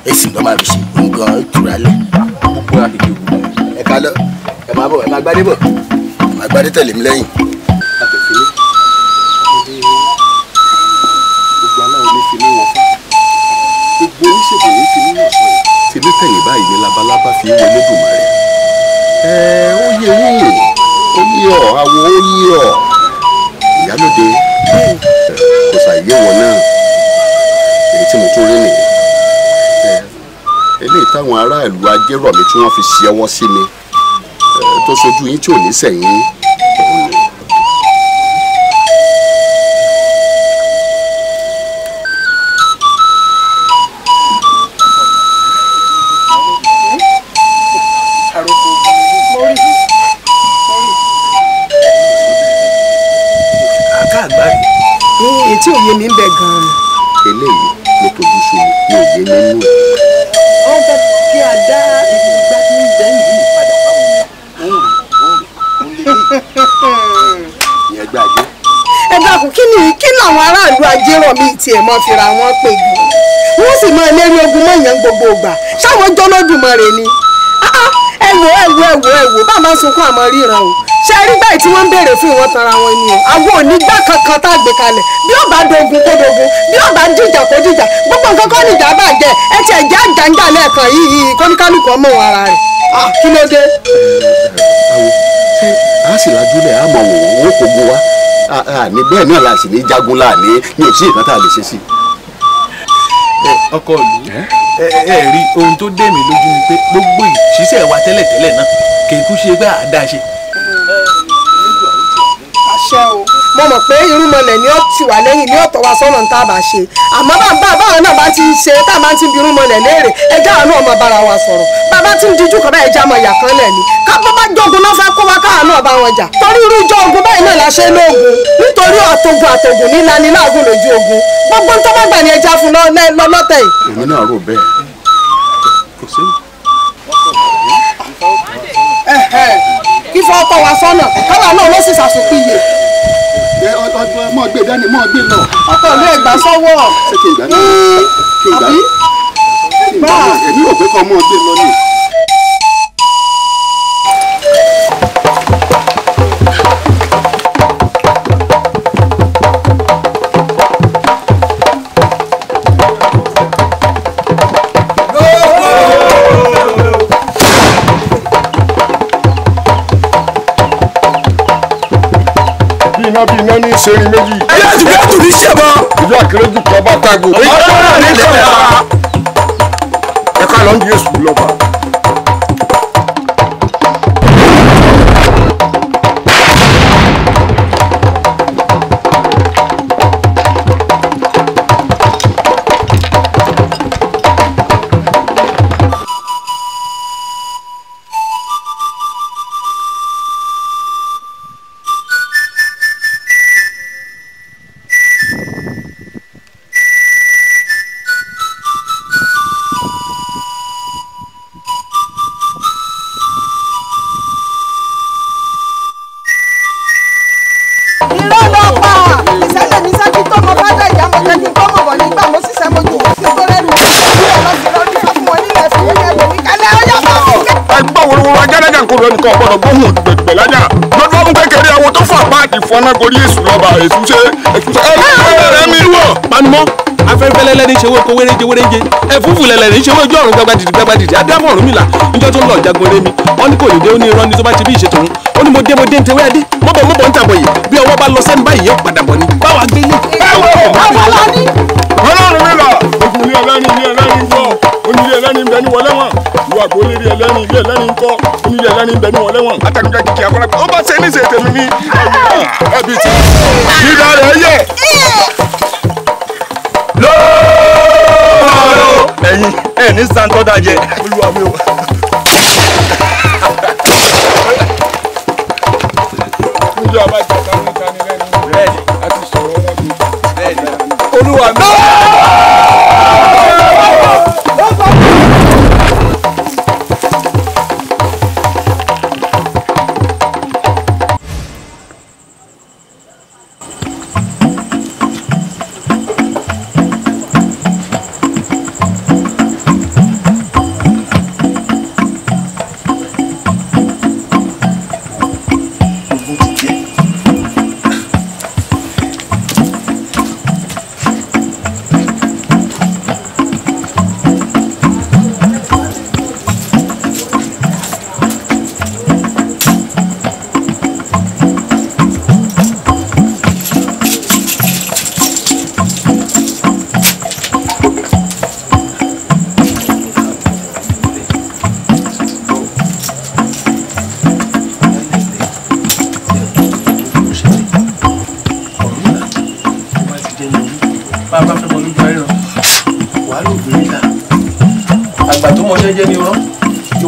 Speaker 1: èsì ló máa fi ṣe nǹkan ìtura lẹ. ẹ ká lọ máa bọ̀ ẹ máa gbádé bọ̀ ẹ máa gbádé tẹ̀lé mi lẹ́yìn. tèmi tẹ̀yìn báyìí ni labalábá fi ń wọlé dùn mọ́ rẹ̀. ẹ ó yẹ yín ó yí ọ àwọ̀ ó yí ọ ìyálòde kò ṣàyé wọn náà èyí tí mo tún rí nìyẹn eléyìí táwọn aráàlú ajérọ̀mí tí wọ́n fi ṣe ọwọ́ sí mi tó ṣojú yín tí ò ní sẹ̀yìn òun ni. tí òye mi ń bẹ gan-an. eléyìí ló tojú sú mi ní òye mi nù. dákun kí ni kí làwọn aráàlú ajérọ̀mí tiẹ̀ mọ́ fira wọn pè gan wọ́n sì mọ ẹlẹ́rí ogun mọ̀yàn gbogbo ìgbà ṣáwọn jọlọ́dúnmọ̀rè ni ẹ wò ẹ wò ẹ bàbá sunkún àmọ́ ṣe rí báyìí tí wọ́n ń béèrè fún ìwọ́n tanra wọn ni o àwọn kankan tá a gbé kalẹ̀ bí ó bá dogun kó dogun bí ó bá kó gbogbo nǹkan kọ́ nìjà bá jẹ ẹ ti àjàǹjà lẹ́ẹ̀kan yìí wọn ara rẹ̀ kí Ah, ah, ah, ní bẹ́ẹ̀ náà la sì ní jagun láàní ní òsì ìkan tá a lè ṣe sí. ọkọ ìlú ẹ rí ohun tó dé mi lójú ni pé gbogbo ìṣiṣẹ́ wa tẹ́lẹ̀tẹ́lẹ̀ náà kì í kú ṣe gbá àdáṣe. àṣẹ o mo mọ̀ pé irúnmọlẹ̀ ni ó ti wà lẹ́yìn ní ọ̀tọ̀ wa sọ́nà tá a bá ṣe àmọ́ bàbá báwọn náà bá ti ṣe tá a máa ti bi irúnmọlẹ̀ léèrè ẹja àánú ọmọ bára wa sọ̀rọ̀ bàbá tí ń dijú kan bá ẹja ọmọ ìyá kan lẹ̀ ni kápá bá jogun náà fẹ́ kó wa káàánú ọba wọn jà torí irú ìjọ ogun báyìí náà la lóògùn nítorí ọ̀tọ̀gùn àtọ̀gùn nílá ni láàgùn lójú ogun gbogbo ń tọ́gbàgbà ni ẹja fún lọ́lọ́tẹ̀ ọkọ̀ wa sọ́nà káwa náà ló sì ṣàṣùkú mọ gbé dání mọ gbé lọ. ọkọ mi ẹgbà sọwọ. ṣé kí n gbà náà àbí. ẹgbà èmi ò pé kọ́ mọ gbé lọ ni. mọ́ bí iná ní ìṣeré méjì. ẹyẹ àtúgbẹ́ àtúndì ṣẹbọ. ìlú àkèrèjì kan bá dàgbò. ọ̀rọ̀ ní ìṣẹ̀lẹ̀ ẹ̀ka lọ́ndì èṣù lọ́ba. kì í ṣe owó ojú ọ̀run gbagbadìdì gbagbadìdì ádámù ọ̀rúnmìlà níjọ́ tó ń lọ jagun lémi wọn ní kò lè dé ó ní irọ́ ní tó bá ti bí ìṣètò òun ó ní mo dé mo dé ntẹ̀wé adé mo bọ̀ ń tàbọ̀ yìí bí ọwọ́ bá lọ sẹ́nu báyìí yóò padà bọ̀ ni báwa gbé yé. ẹ wọ abala ni. ọlọ́run mi là òkùnrin ẹlẹ́ni ilé ẹlẹ́ni ń onílé ẹlẹ́ni bẹ ní wọlé wọn ìwà àgbọ̀lé rí ẹlẹ́ni ilé ẹlẹ́ni ń onílé ẹlẹ́ni bẹ ní wọlé wọn. àtàkùnkà kìkì àkọ́lá bá ṣe ní ṣe tèmi ní ẹbí tí. ìdá rẹ̀ yẹ. ní santo dajẹ olúwa o.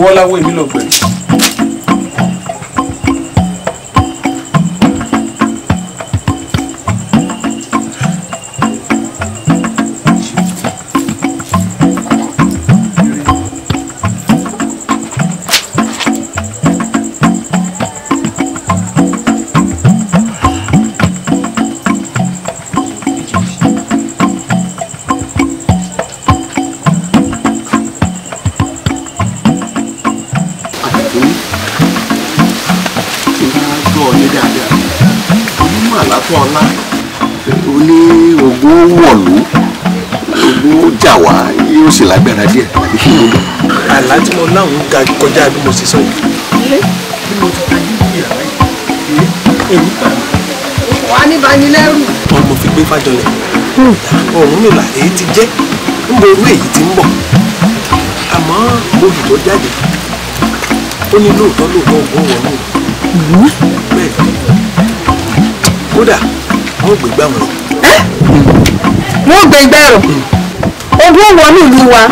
Speaker 1: ìwọ láwọ èmi lọ gbẹ̀rù. aláwọ̀ ga kọjá bí mo ṣe sọ yìí. wà á ní banilẹ́rù. wọn mo fi gbé fàjọyọ̀ ọ̀run mi là èyí ti jẹ́ ń bo orú èyí ti ń bọ̀ àmọ́ olùtọ́ jáde ó ní lóòótọ́ lóòótọ́ ògùn wọnú bẹ́ẹ̀ kódà wọn ò gbé gbà wọn. wọn ò gbé gbà rọ ogún wọnú ìlú wa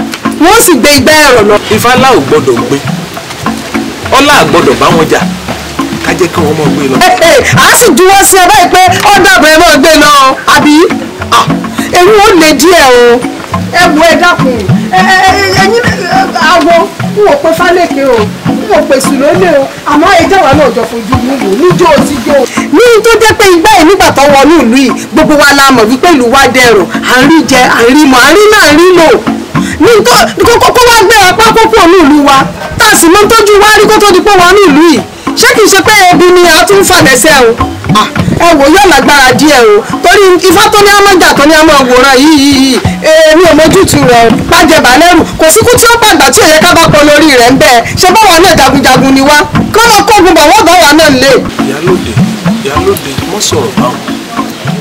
Speaker 1: wọ́n sì gbé igbá ẹ̀rọ lọ. ìfàlà ò gbọ́dọ̀ gbé ọlá àgbọ́dọ̀ bá wọn jà ká jẹ́ kí wọ́n mọ̀ gbé lọ. a sì juwọ́ sí ẹ báyìí pé ó dàbọ̀ ẹ mọ̀ gbé lọ àbí ah. ewu ó lè díẹ̀ o ẹ wo ẹ dákun ẹyin àwọ n ò pe fálékè o n ò pèsè lónìí o àmọ́ ẹjẹ wa náà jọ fojú mi wò níjó ti jó. ní tó jẹ́ pé igbá yìí nígbà tó wọnú ìlú yìí gbogbo wa la mọ̀ wípé ìlú wa dẹrùn à jẹ à mọ̀ à náà rí lò ní kókó wá gbé apá kókó ní ìlú wa tá a sì mọ tójú wá rí kó tó di pé wà ní ìlú yìí ṣé kìí ṣe pé ebi ni a tún falẹ̀sẹ̀ o ẹ wò yóò lágbára díẹ̀ o torí ifá tó ní amájà tó ní amọ̀ àwòrán yìí yìí èmi ò mójútu rẹ̀ o pàjẹ bàlẹ́rù kò sí kú tí ó pàgbà tí èyẹ ká bá pọ̀ lórí rẹ̀ ń bẹ́ẹ̀ ṣe bá wà náà jagunjagun ni wá kọ́ lọ kógun bọ̀ wọ́n bá wà náà lé. ìyálòde ìyálòde mọ́ sọ̀rọ̀ báwọn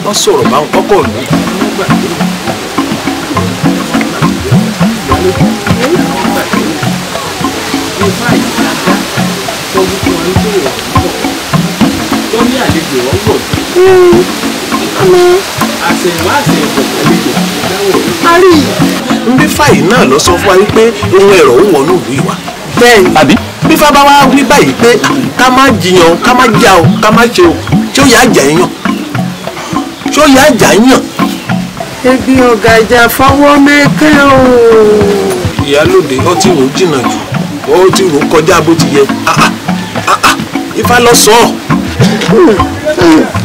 Speaker 1: mọ́ sọ̀rọ̀ báwọn kọ́kọ́ lù nígbà tó Ari. Nbí fàyè náà lọ sọ fún wa wípé ohun ẹ̀rọ ń wọnú ìlú ìwà. Bẹ́ẹ̀ni. Àbí? Bí fábá wa wí báyìí pé ká má jiyàn, ká má já o, ká má ṣe o, ṣé ó yà á jà yàn? Ṣé ó yà á jà yàn? ebi ọ̀gàjà fọwọ́ mẹ́kẹ́ o. ìyálòde ó ti rò ó jìnnà jù ó ti rò ó kọjá bó ti yẹ ah, ah, ah, ifá lọ sọ ọ. Hmm, hmm.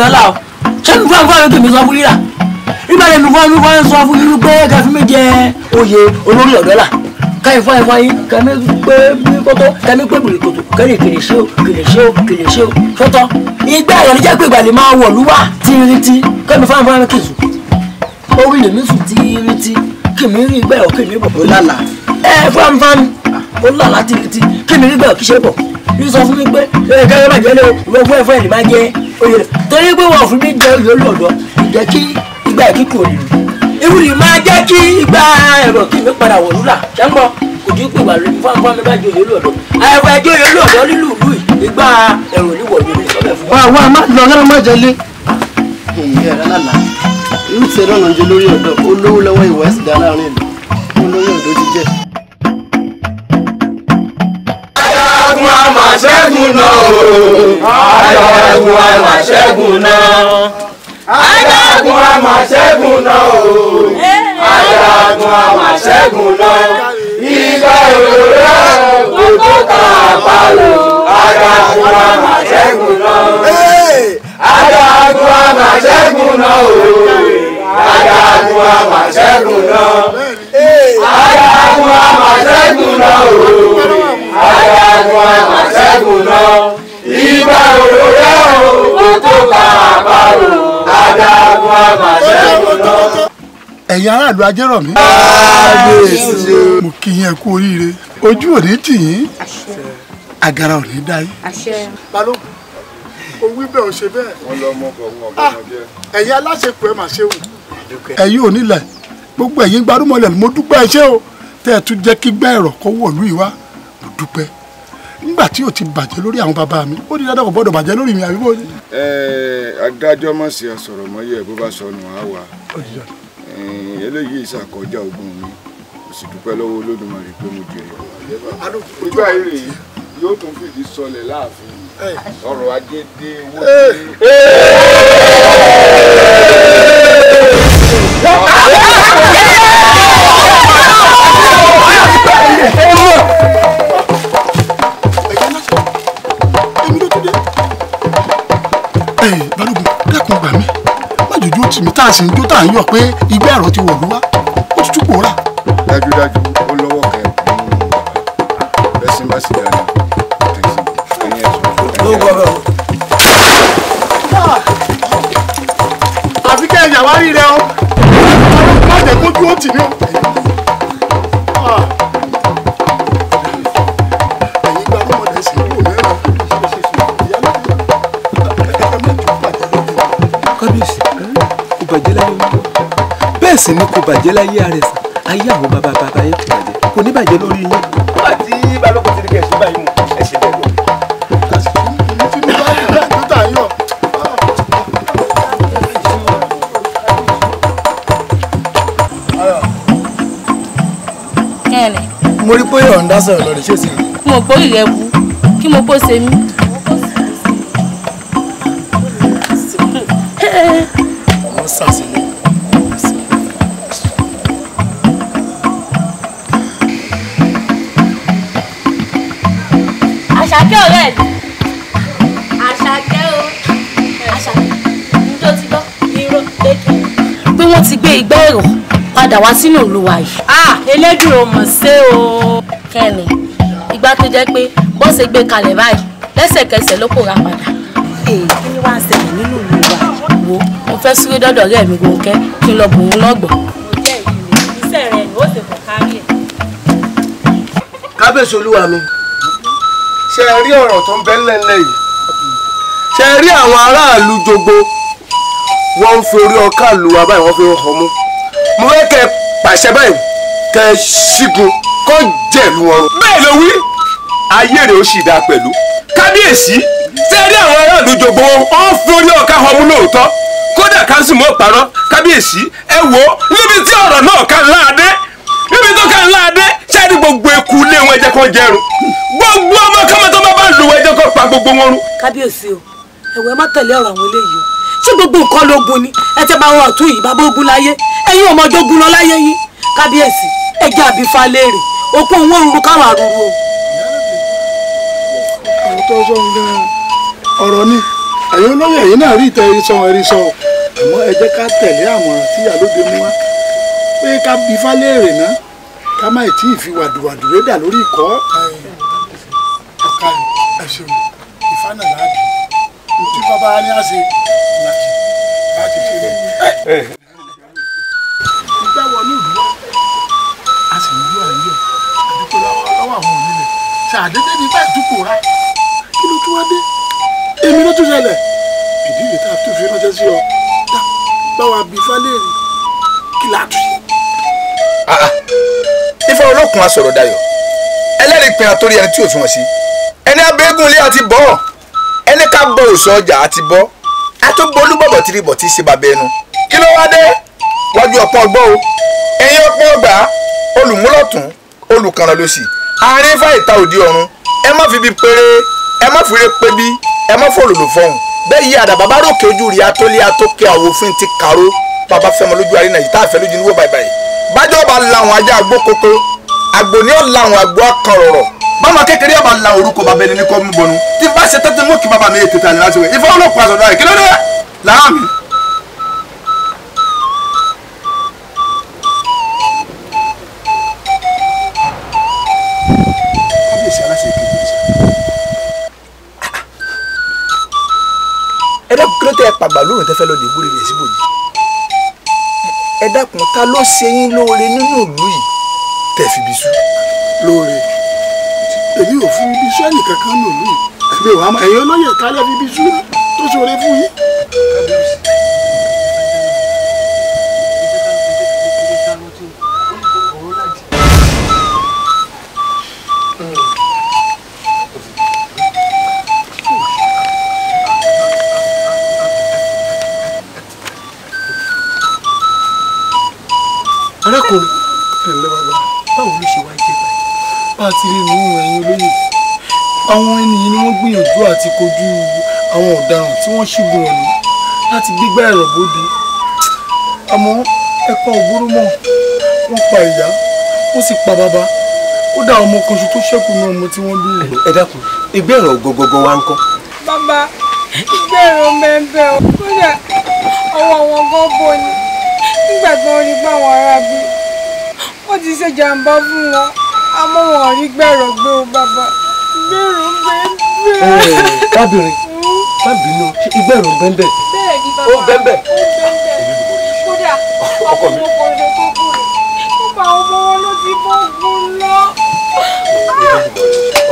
Speaker 1: dọ́là o ṣé mi fún àwọn kèmí sọ fún rírà nígbà tí mi fún mi fún sọ fún yín pé kẹfí mi jẹ oyè olórí ọ̀dọ́là káyìn fún ẹ̀fọn yín kẹmí pé bí kótó kẹmí pé bèrè kòtò kẹrì kèrè ṣé o kèrè ṣé o kèrè ṣé o sọtọ ìgbà ẹ̀rọ ní jẹ́ pé ìgbàlè máa wọ̀ lúwà tìrìtì kẹmí fún ẹ̀fọn yín kìsù ó rí lèmi sùn tìrìtì kìmí rí ìgbà ẹ̀rọ kìmí bọ̀ ó lálàá ẹ̀ fún ẹ̀fọn ó lálàá tìrìtì kìmí rí ìgbà ẹ̀rọ kìṣẹ́ bọ̀ mi sọ fún mi pé ẹ kẹ́kẹ́ má jẹ́ lé o mo fún ẹ fún ẹ ní má jẹ́ oyè rẹ̀ torí pé wọ́n fún mi jẹ́ oyè olóòdọ́ ìjẹ́ kí ìgbà ẹ̀kí kò lè ìwúrí máa jẹ́ kí ìgbà ẹ̀rọ kí mi padà wọ̀ lúlà ṣẹ́ńgbọ́n kò pè wà lórí fáfáfá mi bá jẹ́ oyè olóòdọ́ àyẹ̀fọ́ ẹjọ́ oyè olóòdọ́ lílù ìlú ìgbà ẹ̀rọ ní sọ́bẹ̀ ṣẹ́gun náà o ajagun a máa ṣẹ́gun náà ajagun a máa ṣẹ́gun náà o ajagun a máa ṣẹ́gun náà ìgbà ìrora
Speaker 2: gbogbo tá a bá lò ajagun a ṣẹ́gun náà
Speaker 1: ajagun a ṣẹ́gun náà o ajagun a ṣẹ́gun náà ajagun a ṣẹ́gun náà o ajagun a ṣẹ́gun náà òrò yá o kótó ta àbárò adágún àmàṣẹ́kùnà. ẹ̀yin aráàlú ajẹ́rọ̀mí. kábíyèsí. mo kí yín kú oríire ojú ò ní tì yín àgàrà ò ní dá yín. balógun o wí bẹ́ẹ̀ o ṣe bẹ́ẹ̀. wọ́n lọ mọ ọkọ̀ wọn ọ̀gá wọn ah, jẹ́. ẹ̀yin aláṣepọ̀ ẹ̀ mà ṣe o. ẹ̀yin ò nílẹ̀ gbogbo ẹ̀yin gbárùmọ̀lẹ̀ mo dúpẹ́ ẹ ṣé o tẹ́ ẹ tún jẹ́ kí gbẹ́ ẹ̀rọ kó wọ̀lú ìwá mo dúpẹ́ nígbà tí o ti bàjẹ́ lórí àwọn bàbá mi ó di dandan kò gbọ́dọ̀ bàjẹ́ lórí mi àbí bó ni. ẹ adájọ́ mọ̀ sí àsọ̀rọ̀ mọ́yẹ̀ bó bá sọnù á wà eléyìí ìṣàkọjá ogun mi kò sì dúpẹ́ lọ́wọ́ olódùmarè pé mo jẹ̀yọ̀ ojú ayé rèé yóò tún fìdí sọlẹ̀ láàfin ọrọ̀ ajé dé owó dé. a sì ń dún tá à ń yọ̀ pé igbá ẹ̀rọ ti wọ̀lú wá ó tutù pòórà. dájúdájú ó lọ́wọ́ kẹ bẹ́sìn bá sì dára tẹ̀sí ẹ̀yìn ẹ̀sùn. àfi kẹ́ ẹ̀yà wá rí rẹ. tèmi kò bàjẹ́ láyé ààrẹ sàn ayé àwọn bàbá bàbá yẹn kò bàjẹ́ kò ní bàjẹ́ lórí yín. wọ́n ti balógun ti di kẹ̀sí báyìí mu ẹ ṣe bẹ́ẹ̀ lọ. èmi ti ní báyìí bẹ́ẹ̀ tó tà yọ. mo rí pé ọ̀ǹda sọ̀rọ̀ lọ́dún ṣé o sì rí. mo bóyì rẹ wú kí mo bó ṣe mí. yóò rẹ̀ àṣàkẹ́ o àṣàkẹ́ njó ti gbọ́ irọ́ lẹ́kẹ́. pé wọ́n ti gbé igbá ẹ̀rọ padà wá sínú ìlú wa yìí. a ah, elédùn ò mọ̀ sí o. kẹ́ni ìgbà tó jẹ́ pé bọ́ọ̀sì gbé kalẹ̀ báyìí lẹ́sẹ̀kẹsẹ̀ ló kóra padà. èyí ni wàá ṣẹlẹ̀ nínú ìlú wa wo mo fẹ́ súré dọ́dọ̀ rẹ̀ mi gòkè kí n lọ bùn ún lọ́gbọ̀n. iṣẹ́ rẹ̀ ni ó ṣe kò kárí ẹ̀. kábíyèsí olúwa mi ṣe ẹ rí ọ̀rọ̀ tó ń bẹ ńlẹ̀ńlẹ̀ yìí ṣe ẹ rí àwọn aráàlú jogbo wọ́n ń fi orí ọkà lu wa báyìí wọ́n fi ń hàn mú mo fẹ́ kẹ́ ẹ pàṣẹ báyìí kẹ́ ẹ ṣígun kọ́ jẹ̀lú wọn. bẹ́ẹ̀ ló wí ayé rẹ̀ ó sì dáa pẹ̀lú kábíyèsí ṣe ẹ rí àwọn aráàlú jogbo wọ́n ń fi orí hàn mú lóòótọ́ kódà káńsì mọ́ pàrọ̀ kábíyèsí ẹ wò ó níbi tí ọ̀rọ̀ náà kà ńlá níbi tó kà ńlá sẹ́ni gbogbo eku ilé wọn ẹ̀jẹ̀ kan jẹrun gbogbo ọmọ kọ́mọ tó bá bá lò wọ́n ẹ̀jẹ̀ kan pa gbogbo wọn run. kábíyèsí o ẹ̀wẹ̀ má tẹ̀lé ọ̀rọ̀ àwọn eléyìí o ṣé gbogbo nǹkan lógun ni ẹ tẹ́ bá wọn ọ̀tún yìí bàbá ogun láyé ẹ̀yin ọmọ ọjọ́ ogun lọ láyé yín kábíyèsí ẹ̀jẹ̀ àbífà léèrè òkú òun òrùn káwọn àrùn o. àwọn tó sọ gan ọ̀rọ̀ ni ẹ̀yin olóyè ẹ̀yin náà rí ìtẹ̀ ìsọ ẹ̀rí sọ àmọ́ ẹ jẹ́ ká tẹ̀lé àmọ̀ràn tí ìyálóde mú wá pé ká bífá léèrè náà ká má ì tí ì fi wàdùwàdù rédà lórí ikọ́. ọ̀ka ẹ̀ ṣeun ìfànà láàbì tí bàbá ní àṣẹ láti ṣe bẹ́ẹ̀. ìgbà wọlé ìlú a sì ń yọ ẹ̀yọ àdúgbò lọ́wọ́ àwọn onílẹ̀ ṣàdédé ní bá ìdúkò rà kí ló tún wá dé èmi ló tún ṣẹlẹ̀ ìdí ìrètà tó fi ránṣẹ́ sí ọ báwa bí falẹ́rì kí láàtú ifá olókun asọ̀rọ̀ dayọ̀ ẹlẹ́rìí pinna torí ẹni tí ò fi wọn sí ẹni abẹ́gun ilé àti bọ́ ẹni ká bọ òsọ ọjà àti bọ́ àtúbọ̀lú bọ̀bọ̀ tìrì bọ̀ tí ṣe bàbá ẹnu kí ló wá dé wájú ọpọ́n ọgbọ́n o ẹ̀yin ọpọ́n ọgbà olùmúlọ̀tún olùkànnà ló sì àárín ifá ìta òdi ọ̀run ẹ má fi bi péré ẹ má fi re pé ẹ má fòlòlò fọhùn bẹ́ẹ̀ yí àdàbà bá ròkè bàbá fẹ́mọ lójú ayé náà yìí tá a fẹ́ lójú níwó báyìí báyìí bájọ́ bá làwọn ajá àgbo koko àgbò ni ó làwọn àgbo ọkàn rọ̀rọ̀ báwọn kékeré yóò bá la orúkọ bàbá ẹni ní kọ́ mú bọnu tí bá ṣe tẹ́tí mú kí bàbá mi ètò tà ní láti wẹ̀ ìfọwọ́ lọ́pàá sọ̀rọ̀ ẹ̀ kí ló dé làámi. Ah, ah. ẹ dẹ́kun kí ló ẹ pàgbà lóhùn tẹ́fẹ́ lọ́ọ́ dìbò rẹ̀ síbò yìí ẹ dákun ta ló ṣe yín lóore nínú ìlú yìí tẹ̀ fi bí sùn. lóore èmi ò fún ibi iṣẹ́ nìkankan nínú ìlú yìí èmi ò wá mọ ẹ̀yin olóyè ta lẹ́ fi bí sùn tó ṣoore fún yín. ti rí inú ẹ̀yìn olóyè àwọn ènìyàn ni wọ́n gbìyànjú àti kojú àwọn ọ̀daràn tí wọ́n ṣùgbọ́n ọ̀nà láti gbígbá ẹ̀rọ bóde àmọ́ ẹ̀ka òbúrú mọ̀ wọ́n pa ìyá wọ́n sì pa bàbá ó dá ọmọ kan ṣu tó ṣẹ́kù ní ọmọ tí wọ́n bí rẹ̀. ẹ dákun ìgbẹ́ ẹ̀rọ gọgọgọ wa ń kọ́. bàbá ìgbẹ́ ẹ̀rọ mẹ́ńbẹ́ o kódà ọwọ́ wọn gan ni nígbà tí wọ́n rí bá àwọn ará wọ́n ti ṣe fún wọn àmọ́ wọn rí gbẹ̀rọ̀ gbé o
Speaker 2: bàbá gbẹ̀rọ̀
Speaker 1: bẹ́ẹ̀. lábìrin lábìrin ṣe ìgbẹ̀rọ̀ bẹ́ẹ̀ bẹ́ẹ̀ ni bàbá ó bẹ́ẹ̀ kódà ọkọ mi kò lè tó kù rẹ̀ ó bá ọmọ wọn ló ti bọ́ gùn lọ. ọkọ mi ti bá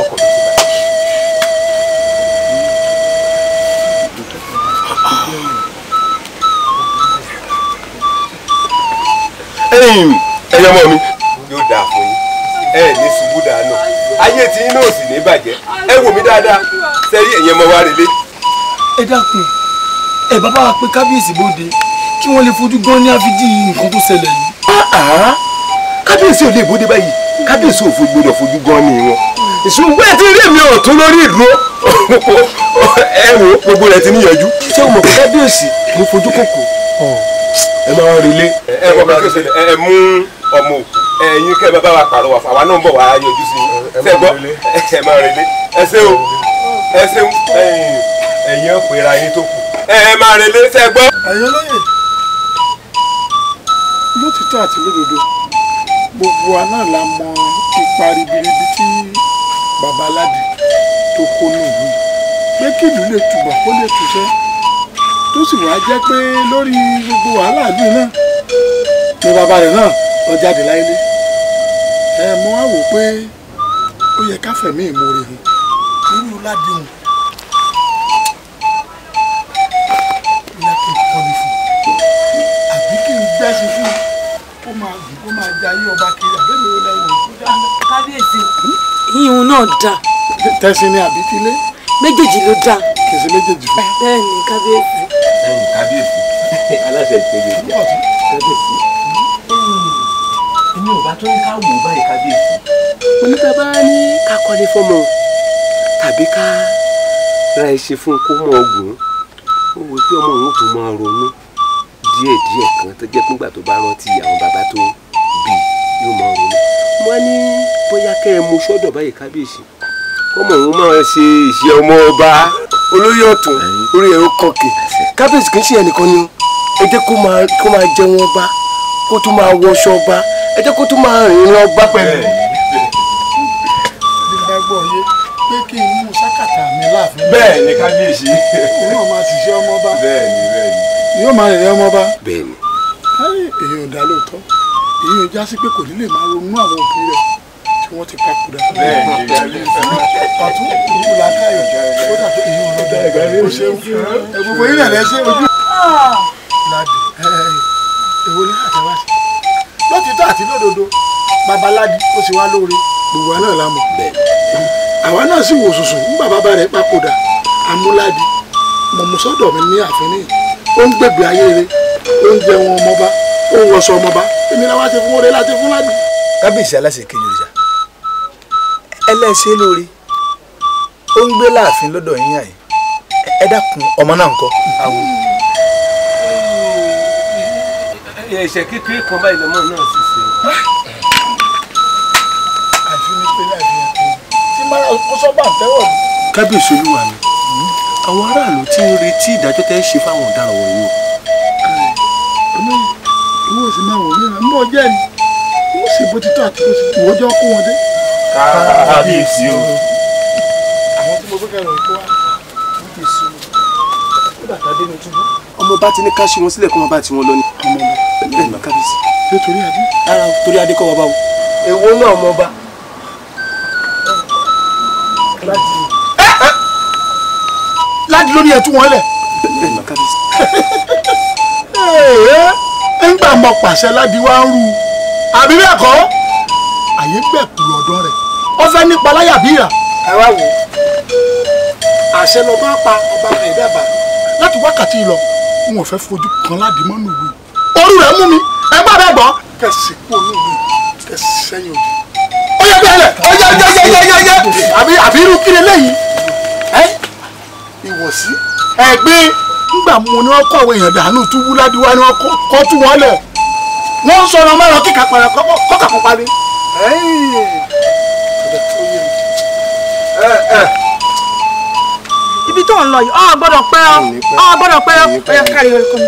Speaker 1: ẹ̀yin ẹyọ ọmọ mi ẹ ní ṣubú dànù ayé tí yín náà sì ní bàjẹ́ ẹ wò mí dáadáa sẹ́yìn ẹ̀yẹ mọ́ wá relé. ẹ dákun ẹ bàbá wa pé kábíyèsí bóde kí wọ́n lè fojú gan ní àfidí nǹkan tó ṣẹlẹ̀ yìí. kábíyèsí ò lè bóde báyìí kábíyèsí ò gbọdọ̀ fojú gan ní wọn. ìṣùgbọ́n ẹ ti rí èmi ọ̀tún lórí ìdúró ẹ wo gbogbo rẹ ti níyànjú. ṣé o mọ̀ pé kábíyèsí mo fojú kòkò ẹ máa relé. ẹ ẹ mú ọmọ òkú ẹ̀yin kẹ́ bá bá wa pàrọ̀ wà fáwa náà ń bọ̀ wá yọjú sí i ṣe gbọ́ ẹ máa relé ẹ ṣe o ẹ ṣe o. ẹ̀yin ọ̀pọ̀ ìra yín tó kù. ẹ máa relé ṣe gbọ́. ẹ̀yin olóyè lótìtọ́ àti lódodo gbogbo wa náà la mọ ipa ribiribi tí bàbá aládì tó kó ní ìlú pé kí ìlú lè túbọ̀ kó lè túṣẹ́ tó sì wá jẹ́ pé lórí gbogbo wàhálà ìlú náà ni bàbá rẹ̀ náà lọ jáde láyé lé ẹ mọ á wò pé ó yẹ ká fẹ̀mí ìmoore hàn nínú ládìhùn láti kọ́ni fún àbí kí n gbẹ́sí fún kó máa gùn kó máa jayé ọba kiri àbẹ́mi ò lẹ́yìn òkú dáná. kábíyèsí hmm? ìhun náà dáa. tẹ̀sìn ni àbí tilé. méjèèjì ló dáa. kìsì méjèèjì fún. bẹ́ẹ̀ ni kábíyèsí. bẹ́ẹ̀ ni kábíyèsí aláṣẹ ìpele. kábíyèsí tún ní ká wò báyìí kábíyèsí. mo ní ká bá ní ká kọ́lé fọ́mọ tàbí ká ra ẹṣin fún un kó mọ ọgùn ó wò pé ọmọ òun tó máa ronú díẹ̀díẹ̀ kan tó jẹ́ pínpà tó bá rántí àwọn bàbá tó bí yóò máa ronú. wọ́n ní bóyá kẹ́ ẹ mú sọ́dọ̀ báyìí kábíyèsí ọmọ òun máa ṣe ìṣe ọmọ ọba olóyè ọ̀tún orí ẹ̀rọ kọ̀kì kábíyèsí kì í ṣe ẹnìkan ni ẹ jẹ́ kó máa jẹun ọba kó tún máa wọṣọ ọba ẹ jẹ́ kó tún máa rìn lọ bá pẹ̀lú. ìdágbọ́ kábíyèsí. òun máa ṣiṣẹ́ ọmọba. bẹ́ẹ̀ ni bẹ́ẹ̀ yóò máa rìn ọmọba. bẹ́ẹ̀ ni. èyí ò dá lóòótọ́ èyí ò já sí pé kò ní máa ronú àwọn òbí rẹ̀ tí wọ́n ti papòdà. bẹ́ẹ̀ ni kábíyèsí. ọ̀tún ìlú làákàyọ̀ ó dàbí èyí ò lọ́dọ̀ ẹ̀gbẹ́ mi. ẹ̀gbọ́n yín rẹ̀ lẹ́sẹ̀ ojú. èwo ni àtẹ̀wá sí lótìtọ́ àti lódodo babaládi ó sì wá lóore gbogbo àná la mọ̀ àwa náà sì wò sùsùn ní bàbá rẹ̀ papòdà amúládi mọ̀mùsọ́dọ̀ mi ní àfin ní ó ń gbègbè ayé rẹ̀ ó ń jẹun ọmọba ó ń wọṣọ ọmọba èmi làwọn àti fún oore láti fún ládùn. kábíyèsí aláṣẹ kejì òrìṣà ẹlẹ́sẹ̀ lórí ó ń gbé láàfin lọ́dọ̀ yín àyè ẹ dákun ọmọ náà ń kọ́ àwọn. ẹ̀ṣẹ̀ kékeré kan báyìí lọ́mọ náà sì ṣe. àfi ní pé láì fi hàn tí mara kó sọ́gbà tẹ́wọ̀. kábíyèsí olúwa mi àwọn aráàlú tí ń retí ìdájọ́ tẹ́ ṣe fáwọn ọ̀daràn wọ̀nyí o. owó sì máa wọ̀ mìíràn mọ́ jẹ́ ni wọ́n sì bó ti tó àti bó ti tó ìwọ́jọ́ kó wọn dé. kábíyèsí o. àwọn tí mo gbé kẹrọ ìkó wa wọ́n ti sùn ó dàgbà dé ní túbú. ọmọ bá ti ní ká ṣe wọn sílẹ̀ kó wọn bá ti wọn lọ ni. ọmọ mi bẹ́ẹ̀ ni kábíyèsí. nítorí adé. ara torí adé kọ́ bàbá o. èwo náà mọ bá. láti lórí ẹtú wọn lẹ. bẹ́ẹ̀ ni kábíyèsí. ńgbà mọ pàṣẹ láti wá ń ru àbí bẹ́ẹ̀ kọ́ àyè bẹ́ẹ̀ kúrò ọ̀dọ́ rẹ̀ ọ̀fẹ́ nípa láyà bíyà. ẹ wá wò ó àṣẹ lọ bá pa ọba rẹ̀ bẹ́ẹ̀ bá láti wákàtí lọ n ò fẹ́ fojú kan ládìí mọ́nú ìlú ọrú rẹ̀ mú mi ẹ gbọ́ bẹ́ẹ̀ gbọ́. kẹsì kú olú mi kẹsì sẹ́yìn òde. ó yẹ bẹ́ẹ̀ ó yẹ yẹ yẹ yẹ yẹ yẹ àbí irú kí leléyìí ẹ ìwọ̀sí ẹ̀gbin nígbà mo ní wọ́n kọ́ àwọn èèyàn dànù ni wọ́n kọ́ lẹ̀ wọ́n sọ ọmọ kíkà kọ́kà kan parí. ibi tó ń lọ yìí ọ ọ ọ kárí mi.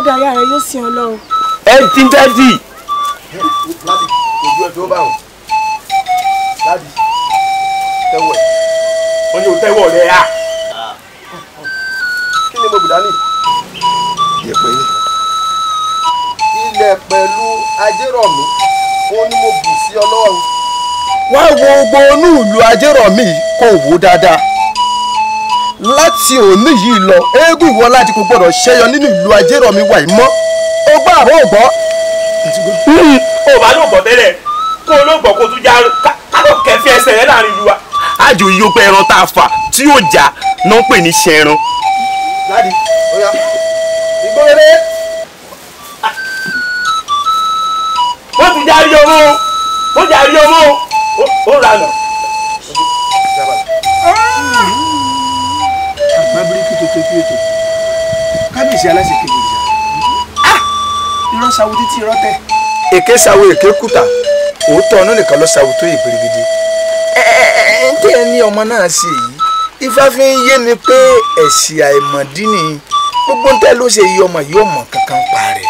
Speaker 1: ẹlẹ́dàá ayá rẹ yóò sin ọlọ́run. eighteen thirty. láti ojú ẹ bá wọn láti tẹwọ ẹ wọn yóò tẹwọ rẹ yá. kí ni mo bù dání. yẹpẹ ilẹ̀ pẹ̀lú ajérọ̀mí òun ni mo bù sí ọlọ́run. wá wo gbogbo onú ìlú ajérọ̀mí kò wò dáadáa láti òní yìí lọ eégún ìwọ láti kò gbọdọ̀ ṣẹyọ nínú ìlú ajérọ̀mí wa ìmọ́ ó gbọ́ àbọ̀ ò gbọ́. ó hmm, bá ló gbọ́ tẹ́lẹ̀ kó ló gbọ́ kó tún já kálọ̀ kẹfí ẹsẹ̀ rẹ láàrin ìlú wa. àjò yìí ó pẹ́ ẹran tá a fà tí yóò já náà ń pè ní ṣẹran. láti ọ̀ya ìgbọ́lẹ́lẹ́. wọ́n ti já rí ọmọ o já rí ọmọ ó rà náà. ètò tójú ètò kábíyèsí aláṣẹ kejì ìjà ah! irọ́ sawu títí irọ́ tẹ. èké sawu èké kùtà òótọ́ ọ̀nà nìkan ló sawu tó yè gidigidi kí ẹ ní ọmọ náà ṣe yìí ifá fi ń yé ni pé ẹ̀sìn àìmọ̀dí ni gbogbo ń tẹ́ ló ṣe yí ọmọ yìí ọmọ kankan pa rẹ̀.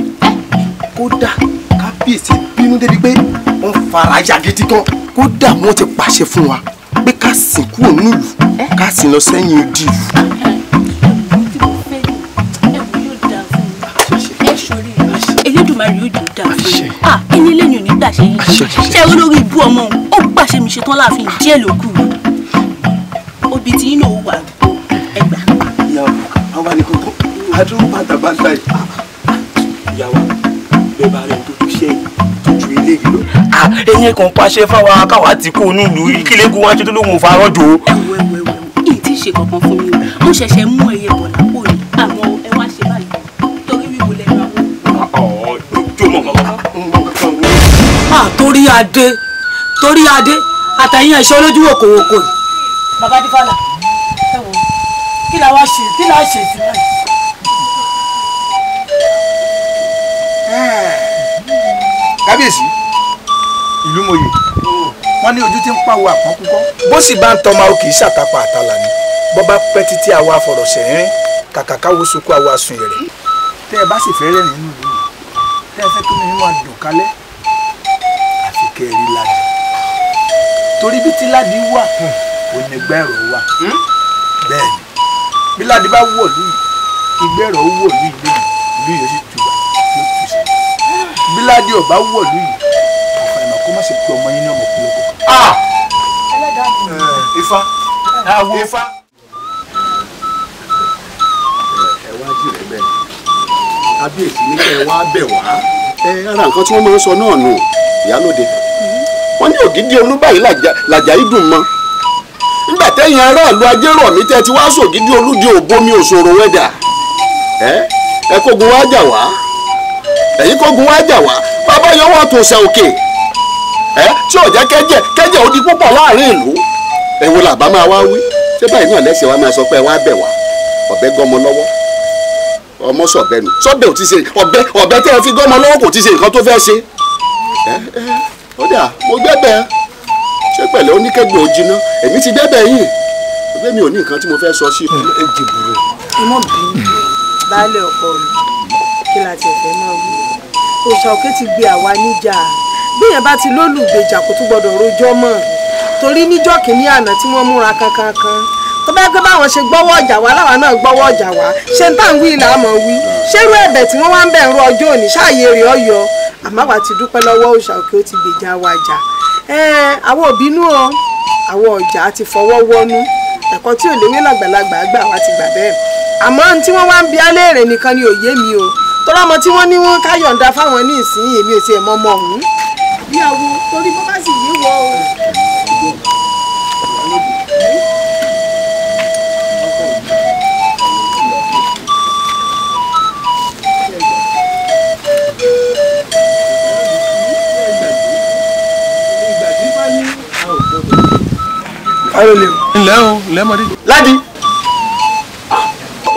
Speaker 1: faraya gidi gan kódà wọ́n ti pàṣẹ fún wa pé ká sìn kúrò nílùú eh? ká sìn lọ sẹ́yìn odi ìlú. Ah, ṣe olórí ibú ọmọ ó gbàṣẹ mi ṣetán láàfin díẹ̀ ló kù obì tí inú wà ẹgbà. ìyàwó àwa ni adúrú bàtà bàtà yìí. yẹn kàn pàṣẹ fáwa káwa ti kó nílùú kílẹ̀kùn wá ṣe tó lóun ò farọ́ jò. ẹwẹ ẹwẹ ẹwẹ èyí tí ì ṣe kankan fún mi o mo ṣẹ̀ṣẹ̀ mú ẹyẹ bọ̀ lápò ni àmọ́ ẹ wá ṣe báyìí torí wíwo lẹ́nu àwọn. torí adé torí adé àtàyìn ẹ̀ṣọ́ lójú òkòwòkò yìí. bàbá ẹ wò kí la ṣe kí la ṣe sí báyìí. ìlú mòye wọ́n ní ojú tí ń pàwọ àpọ́n púpọ̀. bó sì bá ń tọmọ o kì í ṣàtàpà àtàlà ni bó bá pẹ́ títí àwa afọ̀rọ̀sẹ̀ rìn kàkà káwo sunkú àwa sun ẹ̀rẹ̀. tẹ́ ẹ bá sì fẹ́ rẹ̀ nínú ìlú yìí tẹ́ ẹ fẹ́ kí nínú àdùn kálẹ̀ àfi kẹ́ ẹ rí ládì torí bí tí ládì wà onígbà ẹ̀rọ wà hmm? bẹ́ẹ̀ ni bí ládì bá wọ̀ lù ìgbẹ́ ẹ̀rọ wọ̀ lù ìlú yìí lù yìí ó sì tù bá ló tù sí bí ládì ò bá wọ̀ lù yìí má ṣe pé ọmọ yín ní ọmọ kúlọ̀kọ̀. ifá ah, ifá. ẹ wá jì rẹ bẹ́ẹ̀ kábíyèsí ní kẹ́ ẹ wá bẹ̀ wá. ẹ ara nǹkan tí wọ́n máa ń sọ náà nù ìyálóde wọ́n ní ògidì olúbàyí làjà ìdùn mọ́ nígbà tẹ́yìn aráàlú ajérò mi tẹ́ ti wá sògidì olúdi òbomi òṣòro wẹ́dà ẹ kógun wá jà wá ẹ̀yìn kógun wá jà wá bàbá yọwọ́ tó ṣe òkè. Okay ẹ tí ò jẹ́ kẹ́jẹ́ kẹ́jẹ́ ó di púpọ̀ láàrin ìlú. ẹ wo làbá máa wá wí ṣé báyìí náà lẹ́sẹ̀ wa máa sọ pé ẹ wá bẹ̀ wá ọ̀bẹ gọ́mọ lọ́wọ́ ọmọ sọ̀bẹ nù sọ́bẹ̀ ò ti ṣe ọ̀bẹ ọ̀bẹ tẹ́ ẹ fi gọ́mọ lọ́wọ́ kò ti ṣe nǹkan tó fẹ́ ṣe. ẹ ẹ ó dà mo gbẹ́bẹ̀ ṣé pẹ̀lẹ́ oníkẹ́gbẹ́ òjìnà èmi ti gbẹ́bẹ̀ yìí ẹgbẹ́ mi ò ní nǹkan tí mo fẹ́ sọ sí i. ẹ jìbìrì. ẹ mọ̀ bí baálé ọkọ rẹ̀ kí la ti ẹ̀fẹ́ náà wí òòṣà òkè ti gbé àwa níjà bíyẹn bá ti lólùgbèjà kò tún gbọdọ̀ rojọ́ mọ́ torí níjọ́ kìíní àná tí wọ́n múra kankan kan tó bá gbé báwọn ṣe gbọ́wọ́ ọjà wá láwa náà gbọ́wọ́ ọjà wá ṣé n táwọn wí là á wí ṣérú ẹ̀bẹ̀ tí wọ́n wá ń bẹ̀ ń rú ọjọ́ òní ṣáàyè rè ọyọ àmọ́ àwa ti dúpẹ́ lọ́wọ́ òòṣà òkè ó ti gbèjà wa jà àwọn òbínú o àwọn ọjà ti fọwọ́ wọ́nú ẹ̀kọ́ tí ò léwé làgbàlagbà àgbà wa ti gbà bẹ́ẹ̀ àmọ́ tí wọ́n wá ń bi aléèrè nìkan ni òye mi o tọ́lọ́mọ tí wọ́n ní wọ́n ká fáwọn ní èmi ò tiẹ̀ mọ́ ọmọ ọ̀hún àwo torí bó bá sì yé wọ o. ǹlẹ́ o ládi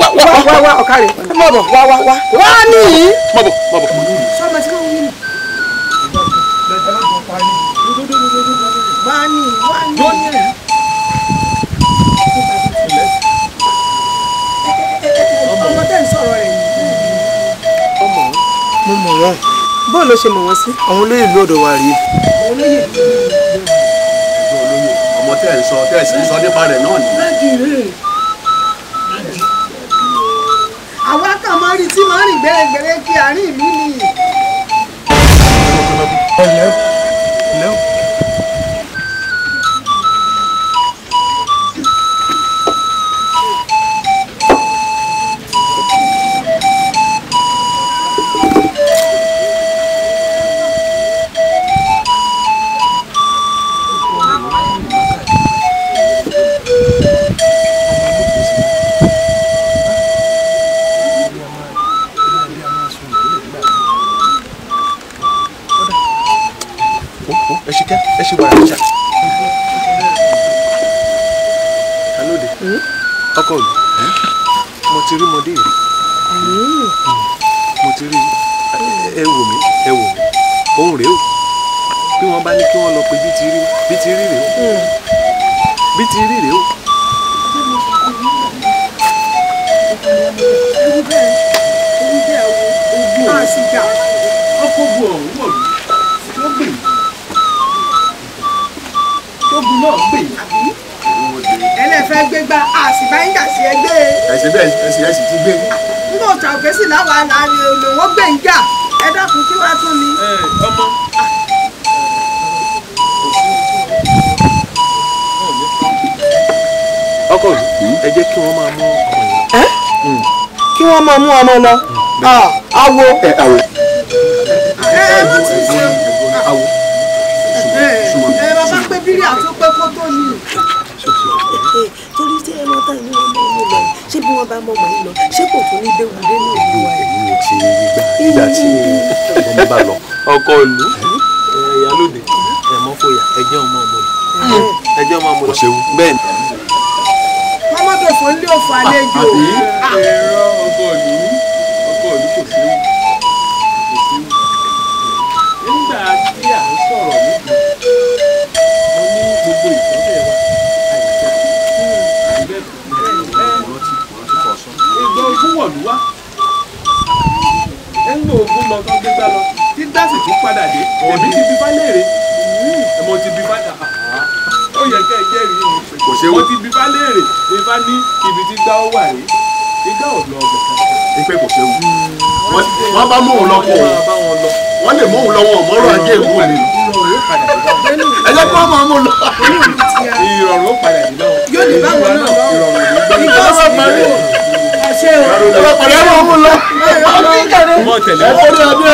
Speaker 1: wá wá wá ọ̀kárẹ̀ mọ̀bọ̀ wá wá wá wá ní. mọ̀bọ̀ mọ̀bọ̀. sọ́mọ tí mo wọn. bó ló ṣe mọ̀ wọ́n sí. àwọn olóyè ìlú ọ̀dọ̀ wa rèé. olóyè ọmọ tẹ́ ẹ̀ ń sọ tẹ́ ẹ̀ sì ń sọ nípa rẹ̀ náà ni. àwa kà máa rí tí máa rìn gbẹ́rẹ́gbẹ́rẹ́ kí àárín ìlú gba àsìbá yín gà sí ẹgbẹ́. ẹ̀sìn bẹ́ẹ̀ ẹ̀sìn ẹ̀sìn ti gbé. nígbà òtún àgbẹ̀sì láwa là ń lò wọ́n gbẹ̀ ń jà ẹ dákun kí wàá tún mi. ọmọ. ọkọ yìí ẹ jẹ́ kí wọ́n máa mú ọmọ yìí. kí wọ́n máa mú ọmọ lọ. awo. ẹ awo. ẹ ẹ bá ti ṣe awo. ẹ bàbá pé bírí àtúpẹ́ kó tó lọ táwọn ọmọ mi lọ ṣé bí wọ́n bá mọ ọmọ yìí lọ ṣé kò tún ní déwu dé ní ìlú wa. èmi ò ti gbà tí ọmọ bá lọ ọkọ ìlú ìyálòdì ẹ̀mọ́ fòyà ẹ̀jẹ̀ ọmọ ọmọ mi ẹ̀jẹ̀ ọmọ ọmọ mi bẹ́ẹ̀ ni. mọ́mọ́tò fún ilé òfò àlejò. ẹ̀rọ ọkọ ìlú ọkọ ìlú kò sí ọmọ tó gbé gbá lọ tí dásì tún padà dé èmi ti bí fálẹ́rè ẹmọ hmm. ti bí fálẹ́rè ah, ah. ó yẹ kẹ́ ẹ jẹ́rìí mi kò ṣe wọ́n ti bí fálẹ́rè ìfá ní ibi tí gbá ó wà rí igbá ò lọ ọbẹ̀ kankan. ipe kò ṣe wù hmm. wọ́n bá mú òun lọ kọ́ wọ́n lè mú òun lọ́wọ́ mọ́rọ̀ ajé ìwú ni ẹ jẹ́ kó máa mú lọ. ìrọ̀rùn ó padà dé náà ṣe o. ọlọ́pàá ló mú lọ. ọlọ́pàá ló mú lọ.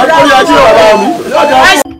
Speaker 1: ọkùnrin àti ọ̀rọ̀ mi.